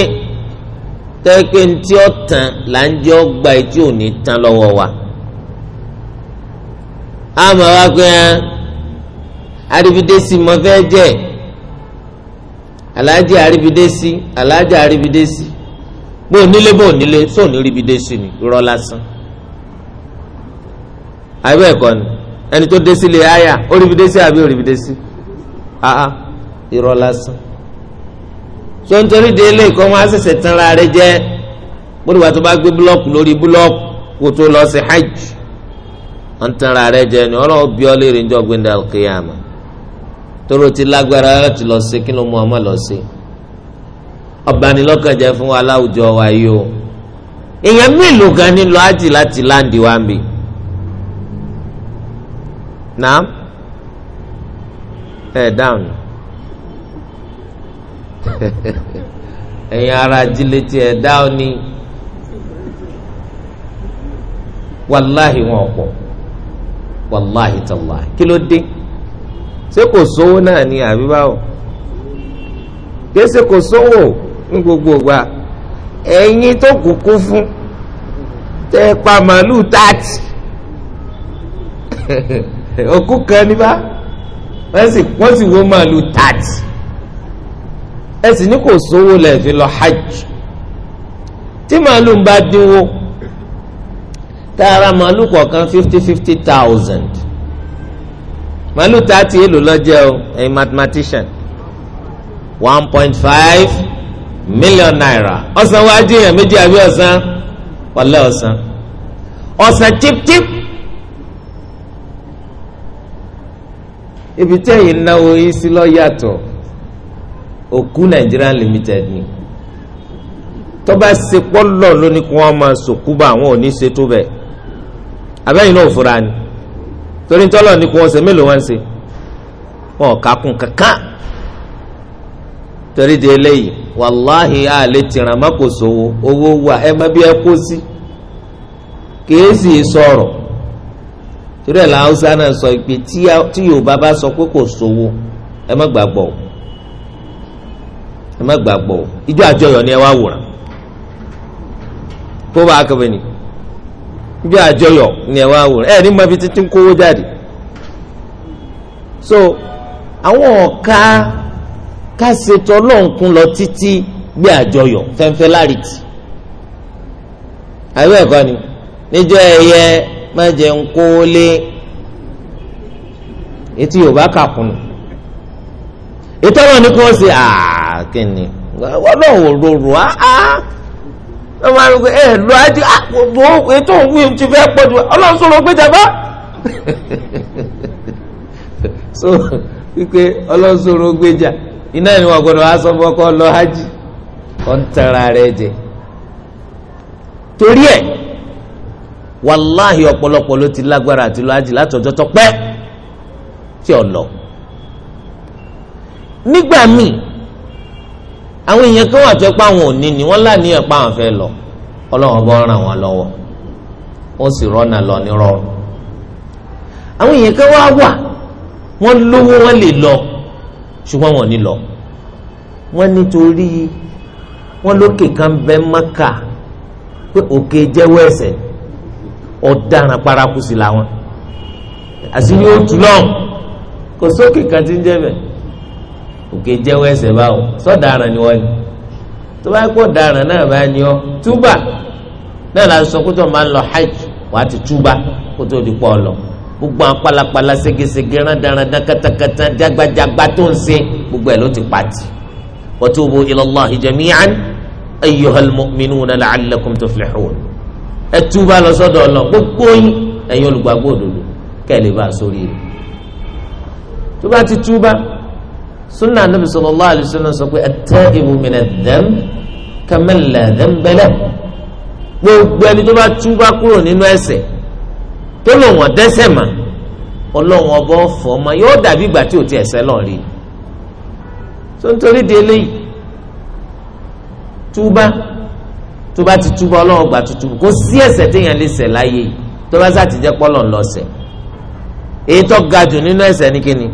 tẹ́pẹ́ ntí ó tán là ń jẹ́ ọgbà etí ò tán lọ́wọ́ wa àmọ́ wá pé ẹ́ àríbidésí mo fẹ́ jẹ́ aláàjì àríbidésí aláàjì àríbidésí bó onílé bó onílé sóò ní ríbidésí ni irọ́ lásán àbẹ ẹ̀kọ́ ni ẹni tó dé sílé àyà ó ríbidésí àbí ó ríbidésí àá irọ́ lásán tó ń torí de ilé ìkọ́ wọn á ṣẹ̀ṣẹ̀ rẹ jẹ́ bóde wàá tó bá gbé búlọ́ọ̀kù lórí búlọ́ọ̀kù kó tó lọ sí hajj wọn tán rẹ jẹ́ ni ọlọ́wọ́ bí ọ lè rìn jọ gbẹ̀ndà kéèyàn mọ́ tóró ti lágbára láti lọ sí kí ló mú ọmọ lọ sí ọbanilọ́kànjẹ́ fún wa láwùjọ wa yìí o èèyàn mélòó gan ni lọ ájì láti láǹdì wa ń bì náà ẹ dáhùn ẹ̀yin ara ajílẹ̀ tí ẹ dáhùn ni wàláhì wọn ọ̀pọ̀ wàláhì tàláhì kí ló dé ṣé kò sówó náà ni àbí báwo kése kò sówó ní gbogbo ìgbà ẹ̀yin tó kúkú fún tẹ pa màálù tààtì òkú kan ní bá wọ́n sì wọ́n sì wo màálù tààtì ẹ sì ní kò sówó lẹ̀ lọ hajj tí màálù ń bá dínwó tá màálù kọ̀ọ̀kan fifty fifty thousand màálù elu èlò lọ́jẹ́ o a mathematician one point five million naira ọ̀sán wájú èèyàn méjì àbí ọ̀sán ọ̀lẹ́ ọ̀sán ọ̀sán chip. ibi tẹ́yìn náwó yìí sí lọ́ yàtọ̀ òkú Nigerian limited ni tọ́ba sepọ́ lọ́ọ̀ lónìí kí wọ́n máa sòkú bá àwọn ò ṣètò bẹ́ẹ̀ abẹ́yìn náà fura ni. torí ntọ́lọ̀ ní kò wọ́n ṣe mélòó wọ́n ṣe wọn ò kakùn kankan torí de eléyìí wàláhì àlè tìràn má kò owó wà ẹ má bí ẹ kó sí kèésì sọ̀rọ̀ torí ẹ̀ la Hausa náà sọ pé tí Yorùbá bá sọ pé kò sówó ẹ má gbàgbọ́ ẹ má gbàgbọ́ o àjọyọ̀ ni ẹ wá wòrán kó bá a kọ́ bẹ́ẹ̀ ni. bí àjọyọ̀ ni ẹ wá wò ẹ ní mọbi títí ń kówó jáde so àwọn ọ̀ka kásètò ọlọ́nkún lọ títí bí àjọyọ̀ fẹ́ńfẹ́ láàrìtì àbí ẹ̀kọ́ ni níjọ́ ẹ̀yẹ mẹ́jẹ̀ ń kówó lé etí yorùbá kàkùnù ètò ọ̀rọ̀ ni kí wọ́n ṣe àkínní ọlọ́run ò áá wọ́n máa ń sọ ẹ lọ àti àpò ah, ètò òun ti fẹ́ pọ̀ jù ọlọ́run sọ̀rọ̀ pé jàmbá. so wípé ọlọ́run sọ̀rọ̀ gbéjà iná ni wọn aṣọ lọ hajj kọ́ ń tara jẹ. torí ẹ̀ wàláhì ọ̀pọ̀lọpọ̀ ló ti lágbára àti lọ hajj tí lọ. nígbà míì àwọn èèyàn kan wà tó ẹ òní ni wọ́n láníyàn ọpá àwọn lọ ọlọ́run ràn wọ́n lọ́wọ́ ó sì lọ ní rọrùn àwọn èèyàn kan wà wọ́n lówó wọ́n lè lọ ṣùgbọ́n wọn ò lọ nítorí lókè kan bẹ pé òkè paraku sí làwọn kò sókè òkè jẹ́wọ́ ẹ̀ṣẹ̀ báwo sọ́daràn ni wọ́n ni tó bá kó daràn náà bá ní ọ túbà náà la sọ kó tó máa ń lọ hajj wàá ti túbà kó tó di pọ̀ lọ gbogbo àwọn pálapàla ségesège rádaràdá katakata jágbajàgba tó ń ṣe gbogbo ẹ̀ ló ti pàtì watubu ilallahi jami'an ayyuhal mu'minuna la'allakum tuflihun ẹ túbà lọ sọ́dọ̀ Ọlọ́run gbogbo ẹ̀yin olùgbàgbọ́ òdodo kẹ́ bá a sórí rẹ̀ tó bá ti túbà sunna anabi sallallahu alayhi wa sallam sọ pé at-taibu min ad-dhanb kaman la dhanba lahu gbogbo ẹni tó bá túbá kúrò nínú ẹ̀ṣẹ̀ tó lò wọn dẹ́ṣẹ̀ mà Ọlọ́run ọba ọfọ ọmọ yóò dàbí ìgbà tí ò ti ẹ̀ṣẹ̀ lọ rí tó nítorí di eléyìí túbá tó ti túbá Ọlọ́run ọgbà tuntun kò sí ẹ̀ṣẹ̀ téèyàn lè ṣẹ̀ láyé tó bá sá ti jẹ pọlọ ńlọsẹ èyí tó ga jù nínú ẹ̀ṣẹ̀ ní kíni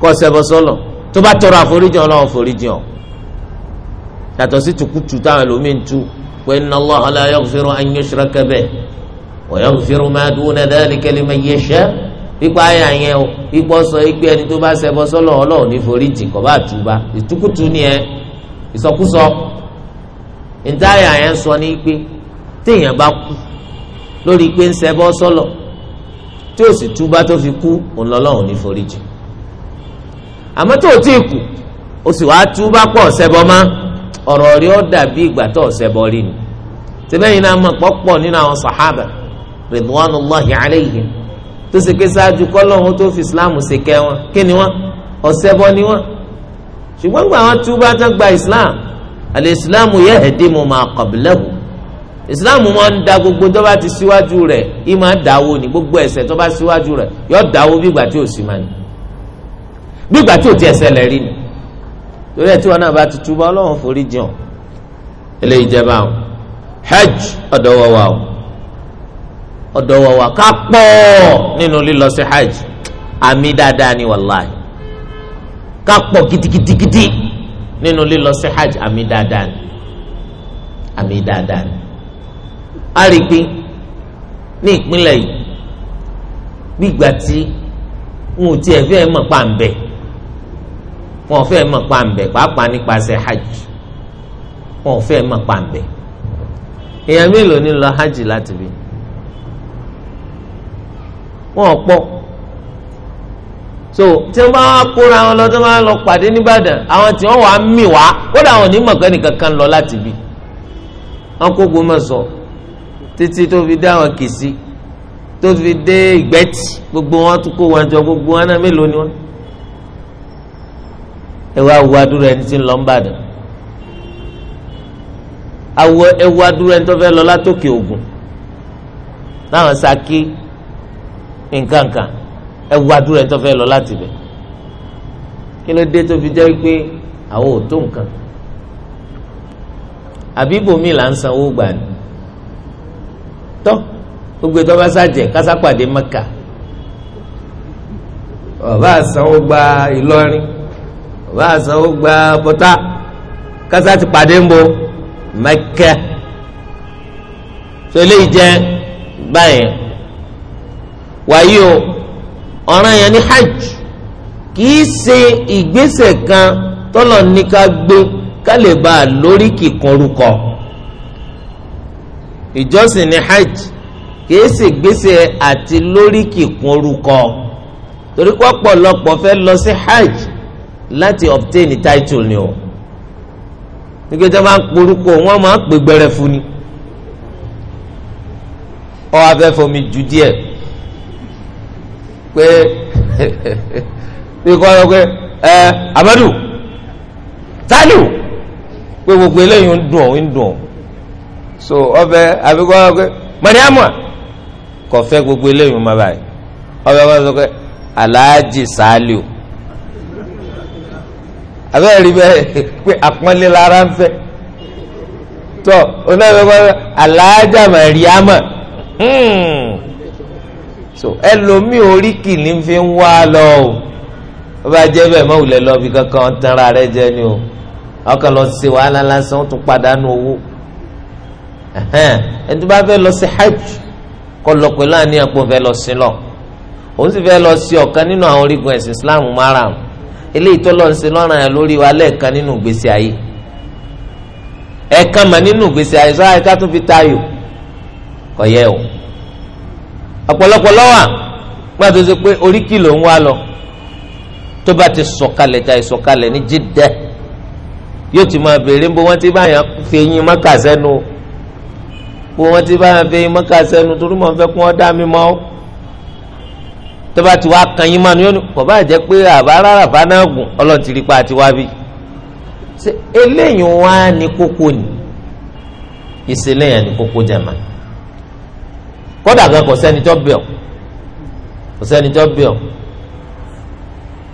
kọ sẹbọ sọlọ tó bá tọrọ àforíjì ọlọ́run foríjì ọ yàtọ̀ sí tukutu táwọn ẹlòmíín tu pé pe nnọọ la yaghfiru an yushraka bihi wa yaghfiru ma duna dhalika liman yasha pípa ayà yẹn o sọ ẹni tó bá ní foríjì bá ìtukutu ni ẹ ìsọkúsọ yẹn sọ ní pé téèyàn bá kú lórí pé ń tí sì tó fi kú àmọ́ tó o ti kù o sì wá tú bá pọ̀ ṣẹbọ mọ́ ọ̀rọ̀ rí ó dàbí ìgbà tó ṣẹbọ rí ni sẹ́bẹ̀yìn náà mọ̀ pọ̀pọ̀ nínú àwọn sàhábà ridwanullahi alayhim tó ṣe ké sáájú kọ́lọ́hún tó fi islam ṣe kẹ́ wọn kí ni wọn ọ̀ṣẹbọ ni wọn ṣùgbọ́n gba àwọn túbá tán gba islam àlè islam yahdimu ma qablahu islam máa ń da gbogbo tó bá ti síwájú rẹ̀ ìmọ̀ dáwó ni gbogbo ẹ̀ṣẹ̀ tó bá síwájú rẹ̀ yọ dáwó bí ìgbà tí ò sí máa ní bí ìgbà tí ò ti ẹsẹ̀ lẹ̀ rí ni torí ẹ̀ tí wọn náà bá ti túbọ̀ ọlọ́run forí jìn eléyìí jẹ́ báwọn hajj ọ̀dọ̀ o ọ̀dọ̀ wọ̀wà ká pọ̀ nínú lílọ sí hajj àmì dáadáa ni wàláì ká pọ̀ gidigidigidi nínú lílọ sí hajj àmì dáadáa ni àmì dáadáa ni a rí i pé ní ìpínlẹ̀ yìí gbígbà tí n ò tiẹ̀ fẹ́ mọ̀ pa ń bẹ̀ wọn fẹ́ mọ̀ pàǹbẹ̀ pàápàá nípasẹ̀ hajj wọn fẹ́ mọ̀ pàǹbẹ̀ èèyàn mélòó ní lọ hajj láti bí wọn pọ̀ so tí wọn bá wá kóra wọn lọ tí wọn bá lọ pàdé nìbàdàn àwọn tí wọn wà á mì wá kódà àwọn onímọ̀ kan nìkan kan lọ láti bí wọn kó gbọmọ sọ títí tó fi dá wọn kìsì tó fi dé ìgbẹ́tì gbogbo wọn tó kó wọn jọ gbogbo wọn náà mélòó ni wọn ẹwà awo adúrò ẹni tí ń lọ ń bàdàn awo ẹwà adúrò ẹni tó fẹ́ lọ látòkè ògùn láwọn saki nkankan ẹwà adúrò ẹni tó fẹ́ lọ láti bẹ̀ kí ló dé tó fi jẹ́ pé àwọn ò tó nǹkan àbí ibòmí là ń sanwó gbà ní tọ́ gbogbo ètò ọba sàjẹ́ kásápàdé mẹ́ka ọba àsanwó gba Ìlọrin ọba àsanwó gba pọtá kásá ti pàdé ń bo Mẹ́kà tó eléyìí jẹ báyẹn wàyí o ọ̀ràn yẹn ní hajj kìí ṣe ìgbésẹ̀ kan tọ́lọ̀ ní ká gbé ká lè bá a lórí kíkọrúkọ ìjọsìn ní hajj kìí ṣe ìgbésẹ̀ àti lórí kíkọrúkọ torí pọ́pọ̀lọpọ̀ fẹ́ lọ sí hajj láti obtain title ni o nígbà tí wọ́n máa ń porúkọ wọ́n máa ń pè gbẹrẹ fún ni ọ abẹ́ fomi ju díẹ̀ pé pé kọ́ ọ pé ẹ amadu tálù pé gbogbo eléyìí ń dùn ọ́ ń dùn ọ́ so ọbẹ̀ àbíkọ́ ọ pé mariamu kò fẹ́ gbogbo eléyìí má báyìí ọbẹ̀ kọ́ ọ sọ pé alhaji saliu abẹ́rẹ́ rí bẹ́ẹ̀ pé àpọ́nlé lára ń fẹ́ tọ́ onáwó aláàjà màríàmà hmm. so ẹlòmíì oríkì ní fi ń wá lọ o ó bá jẹ́ bẹ́ẹ̀ mọ́ òlẹ̀ lọ́ọ́ fi kankan tanra rẹ jẹ ni o ọkàn lọ sí wàhálà lásán ó tún padànù owó ẹni tó bá fẹ́ lọ sí hajj kọ́ lọ pẹ̀lú àníyàn fẹ́ lọ sí lọ òun sì fẹ́ lọ sí ọ̀kan nínú àwọn orígun ẹ̀sìn Islam márùn eléyìí tó lọ́n ṣe lọ́ràn yẹn lórí wa lẹ́ẹ̀kan nínú ìgbésí ayé ẹ̀ẹ̀kan mà nínú ìgbésí ayé sọ́ra ẹ̀ka tó fi tayò kọ̀ yẹ o ọ̀pọ̀lọpọ̀ lọ́wà gbọ́dọ̀ tó ṣe pé orí kìlò ń wá lọ tó bá ti sọ̀kalẹ̀ ta ìsọ̀kalẹ̀ ní Jeddah yóò ti máa béèrè bó wọ́n ti bá yàn fi eyín mọ́kà sẹ́nu bó wọ́n ti bá yàn fi eyín mọ́kà sẹ́nu torí mọ̀ fẹ́ kún ọ́ dá mi ọ́ tó bá ti wá kan yín mánu yóò ní kò bá jẹ́ pé àbára àbá náà gùn ọlọ́run ti rí pa àti wá bí. ṣé eléyìí wá ní kókó ni ìṣẹ̀lẹ̀ yẹn ní kókó jẹ̀mà kódà gan kò sẹ́ni tó bẹ̀ ọ́ kò sẹ́ni tó bẹ̀ ọ́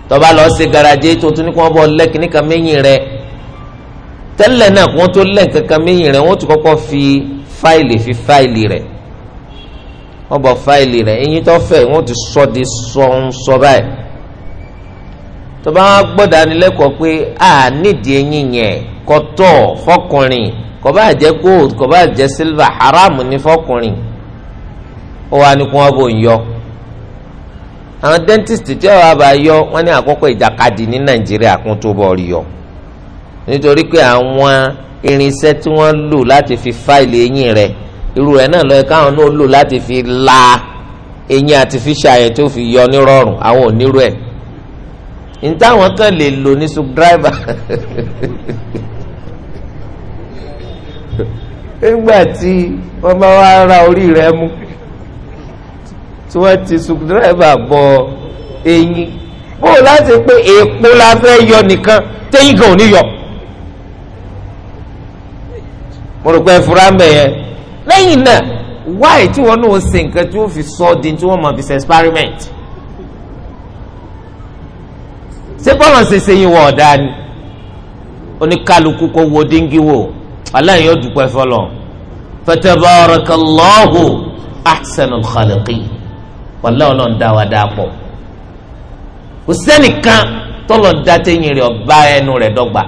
tó lọ ṣe garaje tó tún ní kí wọ́n bọ́ lẹ́kìnní kan mẹ́yìn rẹ̀ tẹ́lẹ̀ náà kí wọ́n tó lẹ́ǹkankan mẹ́yìn rẹ̀ wọ́n tún kọ́kọ́ fi fáìlì fi fáìlì rẹ̀ wọ́n bọ̀ fáìlì rẹ̀ eyín tó fẹ̀ wọ́n ti sọ di sọ̀nsọ báyìí tó bá wọn gbọ́dọ̀ anilẹ́kọ̀ọ́ pé a nídìí eyín yẹn kọ́tọ̀ fọkùnrin kò bá jẹ́ gold kò bá jẹ́ silver haram ní fọkùnrin ó wà ní kí wọ́n bò ń yọ àwọn dentist tí ọ̀rọ̀ bá yọ wọ́n ní àkọ́kọ́ ìjàkadì ní nàìjíríà kún tó bọ̀ rí yọ nítorí pé àwọn irinṣẹ́ tí wọ́n lò láti fi fáìlì eyín rẹ̀ irú rẹ̀ náà lọ́yẹ káwọn náà lò láti fi la eyín artificial yẹn tó fi yọ nírọ̀rùn àwọn ò nírú ẹ̀ ntáwọn kan lè lò ní subdriver nígbà tí wọ́n bá wá ra orí rẹ̀ mú tí wọ́n ti subdriver bọ eyín bó láti pé èèpo la fẹ́ yọ nìkan téyín kan ò ní yọ mo rò pé fúra yẹn lẹ́yìn náà wáyé tí wọn náà ṣe nǹkan tí wọ́n fi sọ ọ́ di tí wọ́n máa fi ṣe experiment ṣé bọ́lá ṣe ṣe yín wọ ọ̀dà ni oníkálukú kó wo díngí wò aláìní yóò dúpẹ́ fọlọ́ fatabarakallahu ahsanul khaliqin wàlẹ́ ọlọ́run dá wa dáa pọ̀ kò sẹ́nìkan tọ́lọ̀ dá téyìn rẹ̀ ọba ẹnu rẹ̀ dọ́gba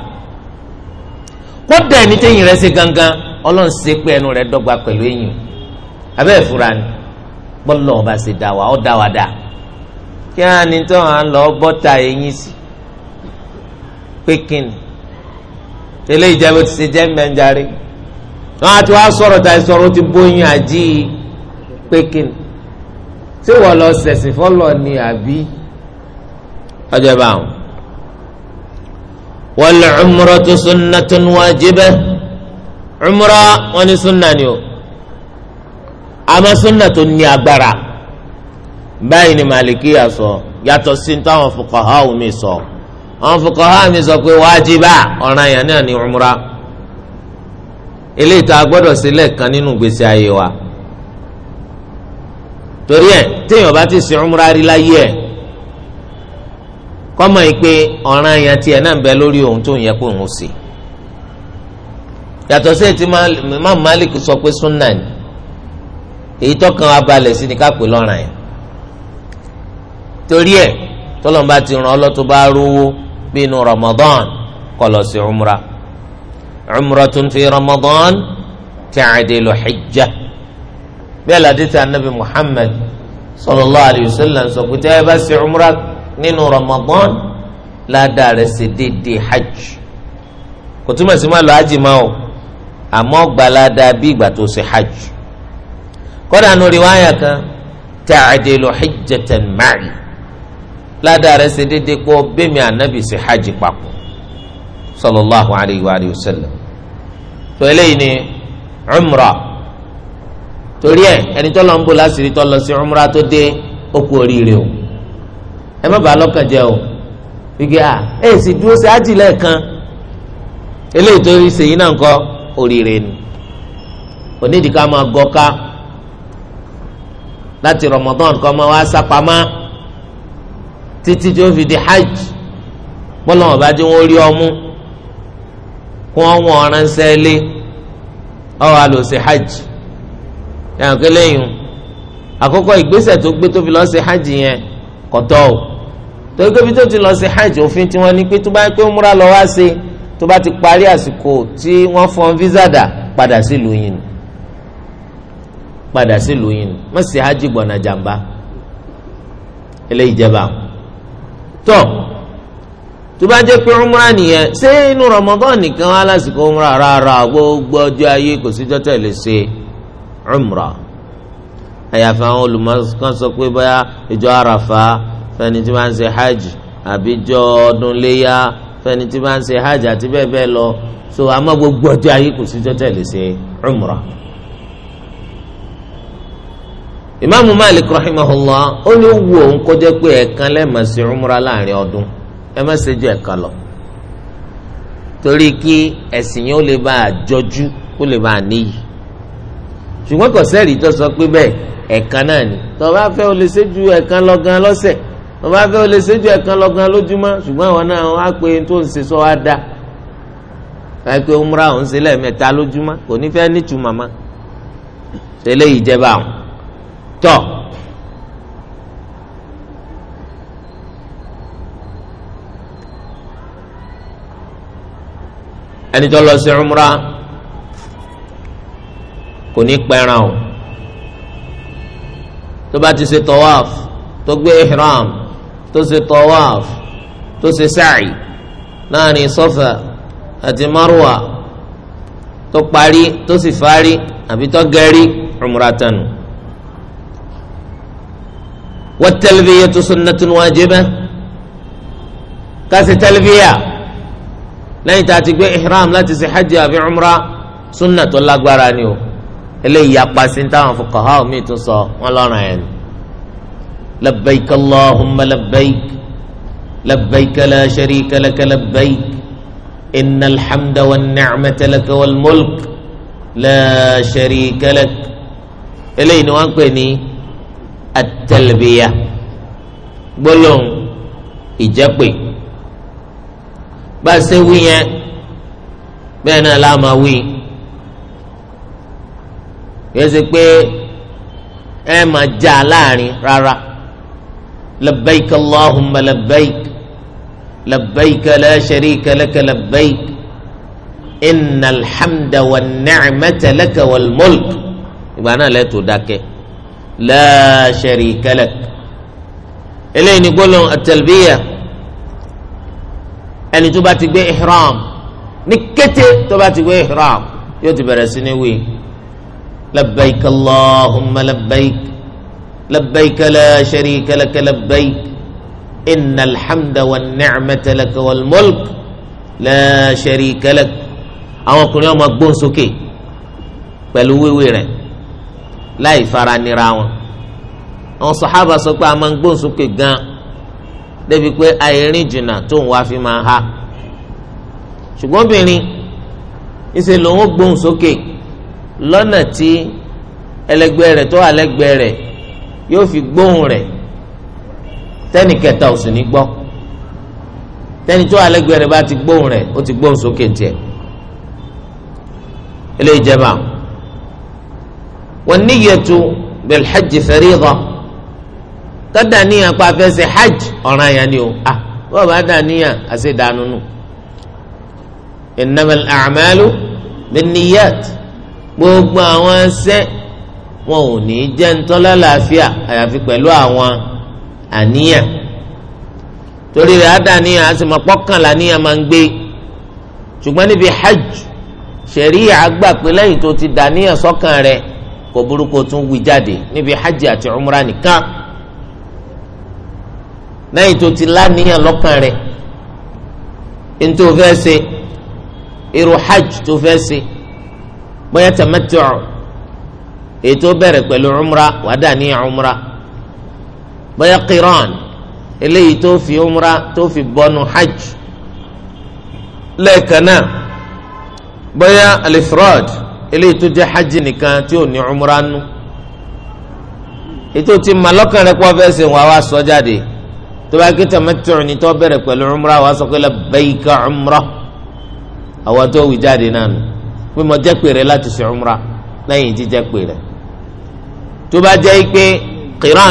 kó dẹ̀ ní téyìn rẹ̀ ṣe gangan ọlọ́run ṣe pé ẹnu rẹ̀ dọ́gba pẹ̀lú eyín abẹ́ ìfura ni bọ́lọ́ ọba ṣe dá wa ọ́ dá wa dá kí á ní tó à ń lọ bọ́ta eyín sí pé kí ni tẹ́lẹ̀ ìjẹ́bù ti ṣe jẹ́ mẹ́njarí wọ́n á ti wá sọ̀rọ̀ tá ìsọ̀rọ̀ ti bóyin àjí pé kí ni tí wọ́n lọ sẹ̀sìn fọ́lọ́ ni àbí ọjọ́ bá wọn. wal umratu umra wọn ní sunna ni o àmọ́ sunna tó ní agbára báyìí ni màlìkíyà sọ yàtọ̀ sí táwọn fuqaha mi sọ àwọn fuqaha mi sọ pé wájibà ọ̀ràn yẹn náà ní umra eléyìí tó a gbọ́dọ̀ sí lẹ́ẹ̀kan nínú ìgbésí ayé wa torí ẹ̀ téèyàn bá ti sin umra rí láyé ẹ̀ kọ́mọ̀ yìí pé ọ̀ràn yẹn tiẹ̀ náà ń bẹ lórí ohun tó ń yẹ kó ń sè é yàtọ̀ sí ètí Imam Malik sọ pé sunna ni èyí tọkàn abalẹ̀ sí ni ká pè lọ́ràn yẹn torí ẹ̀ tọ́lọ́mùbá ti ràn ọ́ lọ́tún bá rówó bíi inú Ramadan kó lọ sí umra umratun fi Ramadan ta'dilu hijja bẹ́ẹ̀ ládé tí anabi Muhammad sallallahu alayhi wa sallam sọ pé tẹ́ bá sí umra nínú Ramadan ládàá rẹ̀ ṣe déédéé hajj kò túmọ̀ sí máa lọ hajj máa o. àmọ́ gbalada bí ìgbà tó ṣe hajj kódà nù riwaya kan ta'dilu hijjatan ma'i ládàá rẹ̀ ṣe déédéé pọ̀ bẹ́mi ànábì ṣe hajj papọ̀ sallallahu alayhi wa sallam tó eléyìí ni umra torí ẹ ẹni tó lọ ń bò láti tó lọ sí umra tó dé ó oríire o ẹ má bàa lọ́kàn jẹ́ o wíkẹ́ à ah, ẹ̀ sì dúró sí ájì lẹ́ẹ̀kan eléyìí tó rí ṣèyí náà ń oríire ni onídìí ká máa lati láti Ramadan kọ́ máa wá sápamá títí tí ó fi di hajj bọ́lá wọn bá dín wọn rí ọmú kó wọn wọn ránṣẹ́ lé ọwọ́ àlòsè hajj ẹ̀hàn kẹlẹ́yìn àkọ́kọ́ ìgbésẹ̀ tó gbé tó fi lọ́ọ́ ṣe hajj yẹn kọ̀tọ́ o torí pé tó ti lọ́ọ́ ṣe hajj òfin tiwọn ni pé tó bá pé ó múra lọ́wọ́ á tó bá ti parí àsìkò tí wọ́n fọn visa dà padà sí ìlú yín padà sí ìlú yín má ṣe hajj gbọ̀nà jàmbá eléyìí jẹba tó tó bá jẹ́ pé umrah nìyẹn ṣé inú Ramadan nìkan wá lásìkò umrah rárá gbogbo ọjọ́ ayé kò síjọ́ tẹ̀lé ṣe umrah àyàfà àwọn olùmọ̀ọ́sán sọ pé báyà ìjọ àràfà fẹni tí wọ́n ń ṣe hajj àbíjọ ọdún léyà fẹ́ni tí máa ń ṣe hajj àti bẹ́ẹ̀ bẹ́ẹ̀ lọ so àmọ́ gbogbo ọjọ́ ayé kò sí jọ́tẹ̀ lè ṣe umrah. ìmáàmù Malik rahimahullah ó ní wù òun kọjá pé ẹ̀ẹ̀kan lẹ́ẹ̀mọ̀ sí umrah láàrin ọdún ẹ má ṣe ju ẹ̀ẹ̀kan lọ torí kí ẹ̀sìn yẹn ó lè bá àjọjú ó lè bá àníyì ṣùgbọ́n kò tó sọ pé bẹ́ẹ̀ ẹ̀ẹ̀kan náà ni tó fẹ́ o lè ṣe ju ẹ̀ẹ̀kan lọ gan lọ́sẹ̀ wọ́n bá fẹ́ o lè ṣèjú ẹ̀kan lọ́gán lójúmọ́ ṣùgbọ́n àwọn náà wọ́n á pe tó ń ṣe sọ wá dá láì pé umra òun ṣe lẹ́ẹ̀mẹ́ta lójúmọ́ kò ní fẹ́ nítu màmá ṣe lè ìjẹba àwọn tọ́ ẹni tó lọ sí umra kò ní pẹ́ràn o tó bá ti ṣe tọ́wáf tó gbé ihram tó ṣe tawaf tó ṣe sáì láàrin sọfà àti marwa tó parí tó sì fárí àbí tó gẹrí umratanu. والتلبية سنة واجبة كاسي تلبية لين تاتي بي إحرام لا تسي حج أبي عمرة سنة ولا قبرانيو اللي يقبا سنتان فقهاء ميتون صو ولا يعني لبيك اللهم لبيك لبيك لا شريك لك لبيك إن الحمد والنعمة لك والملك لا شريك لك eléyìí ni wọ́n ń pè ní atẹlẹbíyà gbólóhùn ìjẹpè bá a ṣe wí yẹn bẹ́ẹ̀ náà láàmà wí kìí ṣe pé ẹ máa já láàrin rárá. لبيك اللهم لبيك لبيك لا شريك لك لبيك إن الحمد والنعمة لك والملك يبقى أنا لا تدك لا شريك لك إليه نقول التلبية ẹni يعني تباتي بإحرام نكتي تباتي بإحرام ní kété tó bá لبيك gbé لبيك لا شريك لك لبيك إن الحمد والنعمة لك والملك لا شريك لك àwọn ọkùnrin ọmọ gbóhùn sókè pẹ̀lú wíwí rẹ̀ láì fara nira wọn àwọn sàhábà sọ pé a máa ń gbóhùn sókè gan débi pé àìrìn jìnnà tó ń wá fi máa ha ṣùgbọ́n obìnrin ìṣe lòun ó gbóhùn sókè lọ́nà tí ẹlẹgbẹ́ rẹ̀ tó wà lẹ́gbẹ́ rẹ̀ yóò fi gbóhùn rẹ̀ tẹ́nì kẹta ò sì ní gbọ́ tẹ́nì tó alẹ́gbẹ̀ẹ́ rẹ̀ bá ti gbóhùn rẹ̀ ó ti gbóhùn sókè tiẹ̀ ilé ìjẹba wọn níyẹtu bil hajj fariida tọ́da níyàn pa afẹ́sẹ̀ hajj ọ̀ràn yẹn ni o ah wọ́n bá dà níyàn àti ìdánù nù innamal a'malu bin niyat gbogbo àwọn ẹsẹ̀ wọn ò ní jẹ́ ntọ́lá làáfíà àyàfi pẹ̀lú àwọn àníyàn torí rẹ̀ àdàníyàn àti mọ̀pọ́kànlá níyàn máa ń gbé ṣùgbọ́n níbi hajj ṣẹ̀ríyà àgbà pé lẹ́yìn tó ti dàníyàn sọ́kàn rẹ̀ kò burúkú tún wí jáde níbi hajj àti umra nìkan lẹ́yìn tó ti láníyàn lọ́kàn rẹ̀ ntò ṣe irú hajj tó fẹ́ ṣe bóyá tamattu' ètò bẹ̀rẹ̀ pẹ̀lú umra wàá dà ní umra bóyá qiran eléyìí tó fi umra tó fi bọ́nu hajj lẹ́ẹ̀kan náà bóyá alifrod eléyìí tó jẹ́ hajj nìkan tí ò ní umra nù ètò tí malọ́kàn rẹ̀ pọ̀ fẹ́ sè wọ́n á wá sọ jáde tó bá kí tamattu ni tó bẹ̀rẹ̀ pẹ̀lú umra wàá sọ pé labbayka umra àwọn tó wí jáde náà nù pé mo jẹ́ pèrè láti ṣe umra lẹ́yìn jíjẹ́ pèrè tó bá jẹ́ pé qiran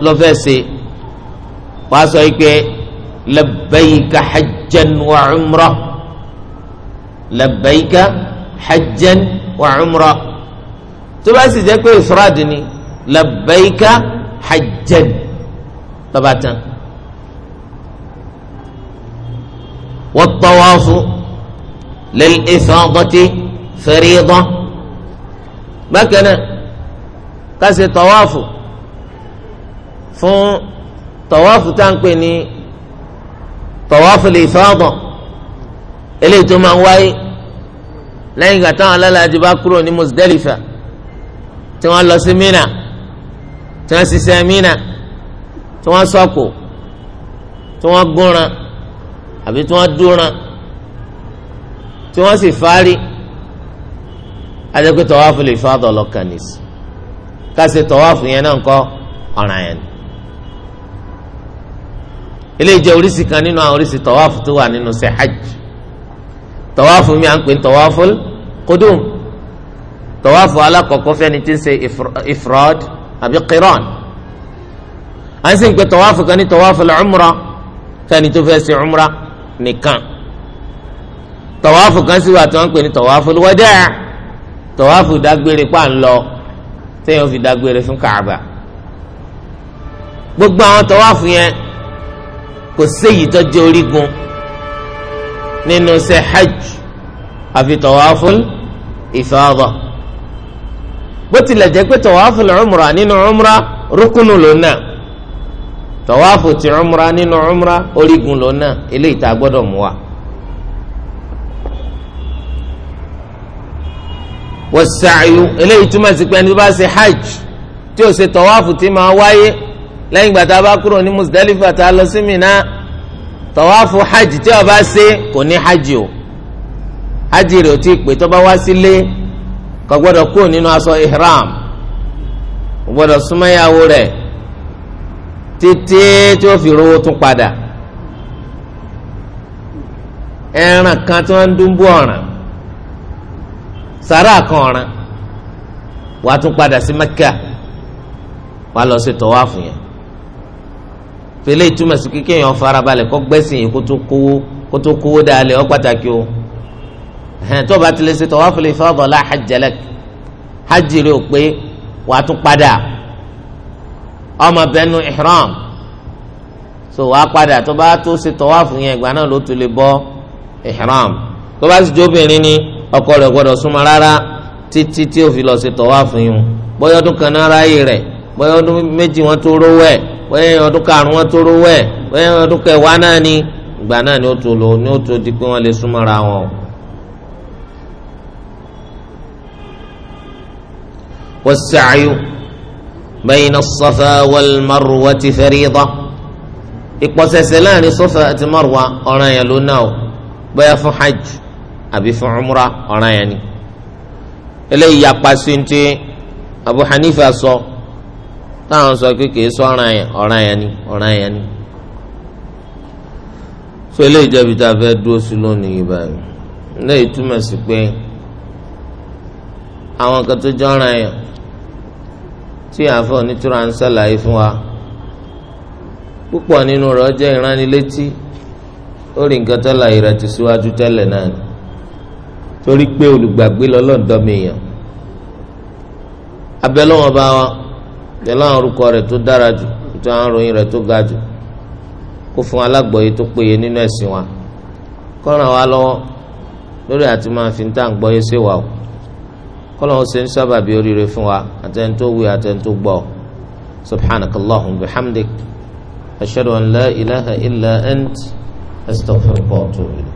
lọ́fẹ́ ṣe wàá sọ pé labbayka hajjan wa umra labbayka hajjan wa umra tó bá sì jẹ́ pé ifrad ni labbayka hajjan bàbá tán lil-ifadati fariida bákan náà ká ṣe tọ́wáàfù fún tọ́wáàfù tá à ń pè ní tọ́wáàfù lè fọ́ọ̀dọ̀ eléyìí tó máa ń wáyé lẹ́yìn ìgbà táwọn alálàájì bá kúrò tí wọ́n lọ sí Mina tí wọ́n ṣiṣẹ́ Mina tí wọ́n sọ̀kò tí wọ́n gúnran àbí tí wọ́n dúnran tí wọ́n sì fárí adékòtò wàá fún lè fọ́ọ̀dọ̀ lọ́kàn kásẹ̀ tọ́wáfù yẹn náà ńkọ́ ọ̀ràn yẹn. eléyìí jẹ́ oríṣi kan nínú àwọn oríṣi tọ́wáfù tó wà nínú ṣe hajj tọ́wáfù mi à ń pè ní tọ́wáfù kudum tọ́wáfù alákọ̀ọ́kọ́ fẹ́ni tí ń ṣe ifrad àbí qiran à ń sì ń pè tọ́wáfù kan ní tọ́wáfù umra fẹ́ni tó fẹ́ ṣe umra nìkan tọ́wáfù kan sì wà tí wọ́n ń pè ní tọ́wáfù wádà tọ́wáfù dágbére pa ń lọ téèyàn fi dágbére fún Káàbà gbogbo àwọn tọwáfù yẹn kò séyìí tó jẹ́ orígun nínú ṣe hajj àfi tọwáfù ìfàdà bó tilẹ̀ jẹ́ pé tọwáfù umra nínú umra rúkúnù lónà tọwáfù ti umra nínú umra orígun lónà eléyìí tá a gbọ́dọ̀ mú wa. wọ́sàáyú eléyìí túmọ̀ sí pé ẹni tó bá hajj ti o se tọ́wáfù ti ma waye lẹ́yìn ìgbà tá a bá kúrò ní Muzdalifa tá a lọ sí Mina tọ́wáfù hajj ti ó bá ṣe kò ní hajj o hajj rẹ̀ ò tí ì pé tó bá wá sílé kò gbọ́dọ̀ kúrò nínú aṣọ ihram kò gbọ́dọ̀ súnmọ́yàwó rẹ̀ títí tí ó fi rówó tún padà ẹran kan tí wọ́n ń dún bú sàrà kan ọ̀ràn wàá tún padà sí mẹ́kà wàá lọ sí tọ́wáfù yẹn fẹlẹ́ ìtumọ̀ sí kíkẹ́ yẹn farabalẹ̀ kọ́ gbẹ́sìn yìí kó tó kówó kó tó kówó dalẹ̀ ọ́ pàtàkì o hẹn tó bá tilẹ̀ sí tọ́wáfù lè fẹ́ ọ̀dọ̀lá hajj lẹ́k ò pé wàá tún padà ọmọ bẹnu ihram so wàá padà tó bá tó sí tọ́wáfù yẹn ìgbà náà ló tún lè bọ́ ihram tó bá sì jóbìnrin ni ọkọ rẹ̀ gbọ́dọ̀ súnmọ́ rárá títí tí ó fi lọ ṣe tọwá fún yín bóyá ọdún kan náà ráyè rẹ̀ bóyá ọdún méjì wọ́n tó rówó ẹ̀ bóyá ọdún karùn-ún tó rówó ẹ̀ bóyá ọdún kẹwàá náà ni ìgbà náà ni ó tó lò ni ó tó di pé wọ́n lè súnmọ́ ra wọn. والسعي بين الصفا والمروة فريضة ìpọ̀sẹ̀sẹ̀ láàrin Safa àti Marwa ọ̀ranyàn ló náà bóyá fún hajj àbí fún umra ọ̀ràn yẹn ni eléyìí yapa sí ti Abu Hanifa sọ táwọn sọ pé kìí sọ ọ̀ràn yẹn ọ̀ràn yẹn ni ọ̀ràn yẹn ni so eléyìí jẹ́ ibi tá a fẹ́ dúró sí lónìí yìí báyìí eléyìí túmọ̀ sí pé àwọn kan tó jẹ́ ọ̀ràn yẹn tí àáfà onítúrà ń ṣàlàyé fún wa púpọ̀ nínú rẹ̀ jẹ́ ìránnilétí ó rí nǹkan tó la ìrẹ̀ síwájú tẹ́lẹ̀ náà ni torí pé olùgbàgbé lọ́lọ́dọ́mọ èèyàn abẹ́lọ́wọ́n bá wa pẹ̀lú àwọn orúkọ rẹ̀ tó dára jù tó àwọn ròyìn rẹ̀ tó ga jù kó fún alágbọ̀yé tó péye nínú ẹ̀sìn wa kó ràn wá lọ́wọ́ lórí àti máa fi ń tà ń gbọ́yé sí wa o kọ́lọ́hún ṣe ń sábàbí oríire fún wa àtẹni tó wí àtẹni tó gbọ́ subhanakallahum bihamdik ashhadu an la ilaha illa ant astaghfiruka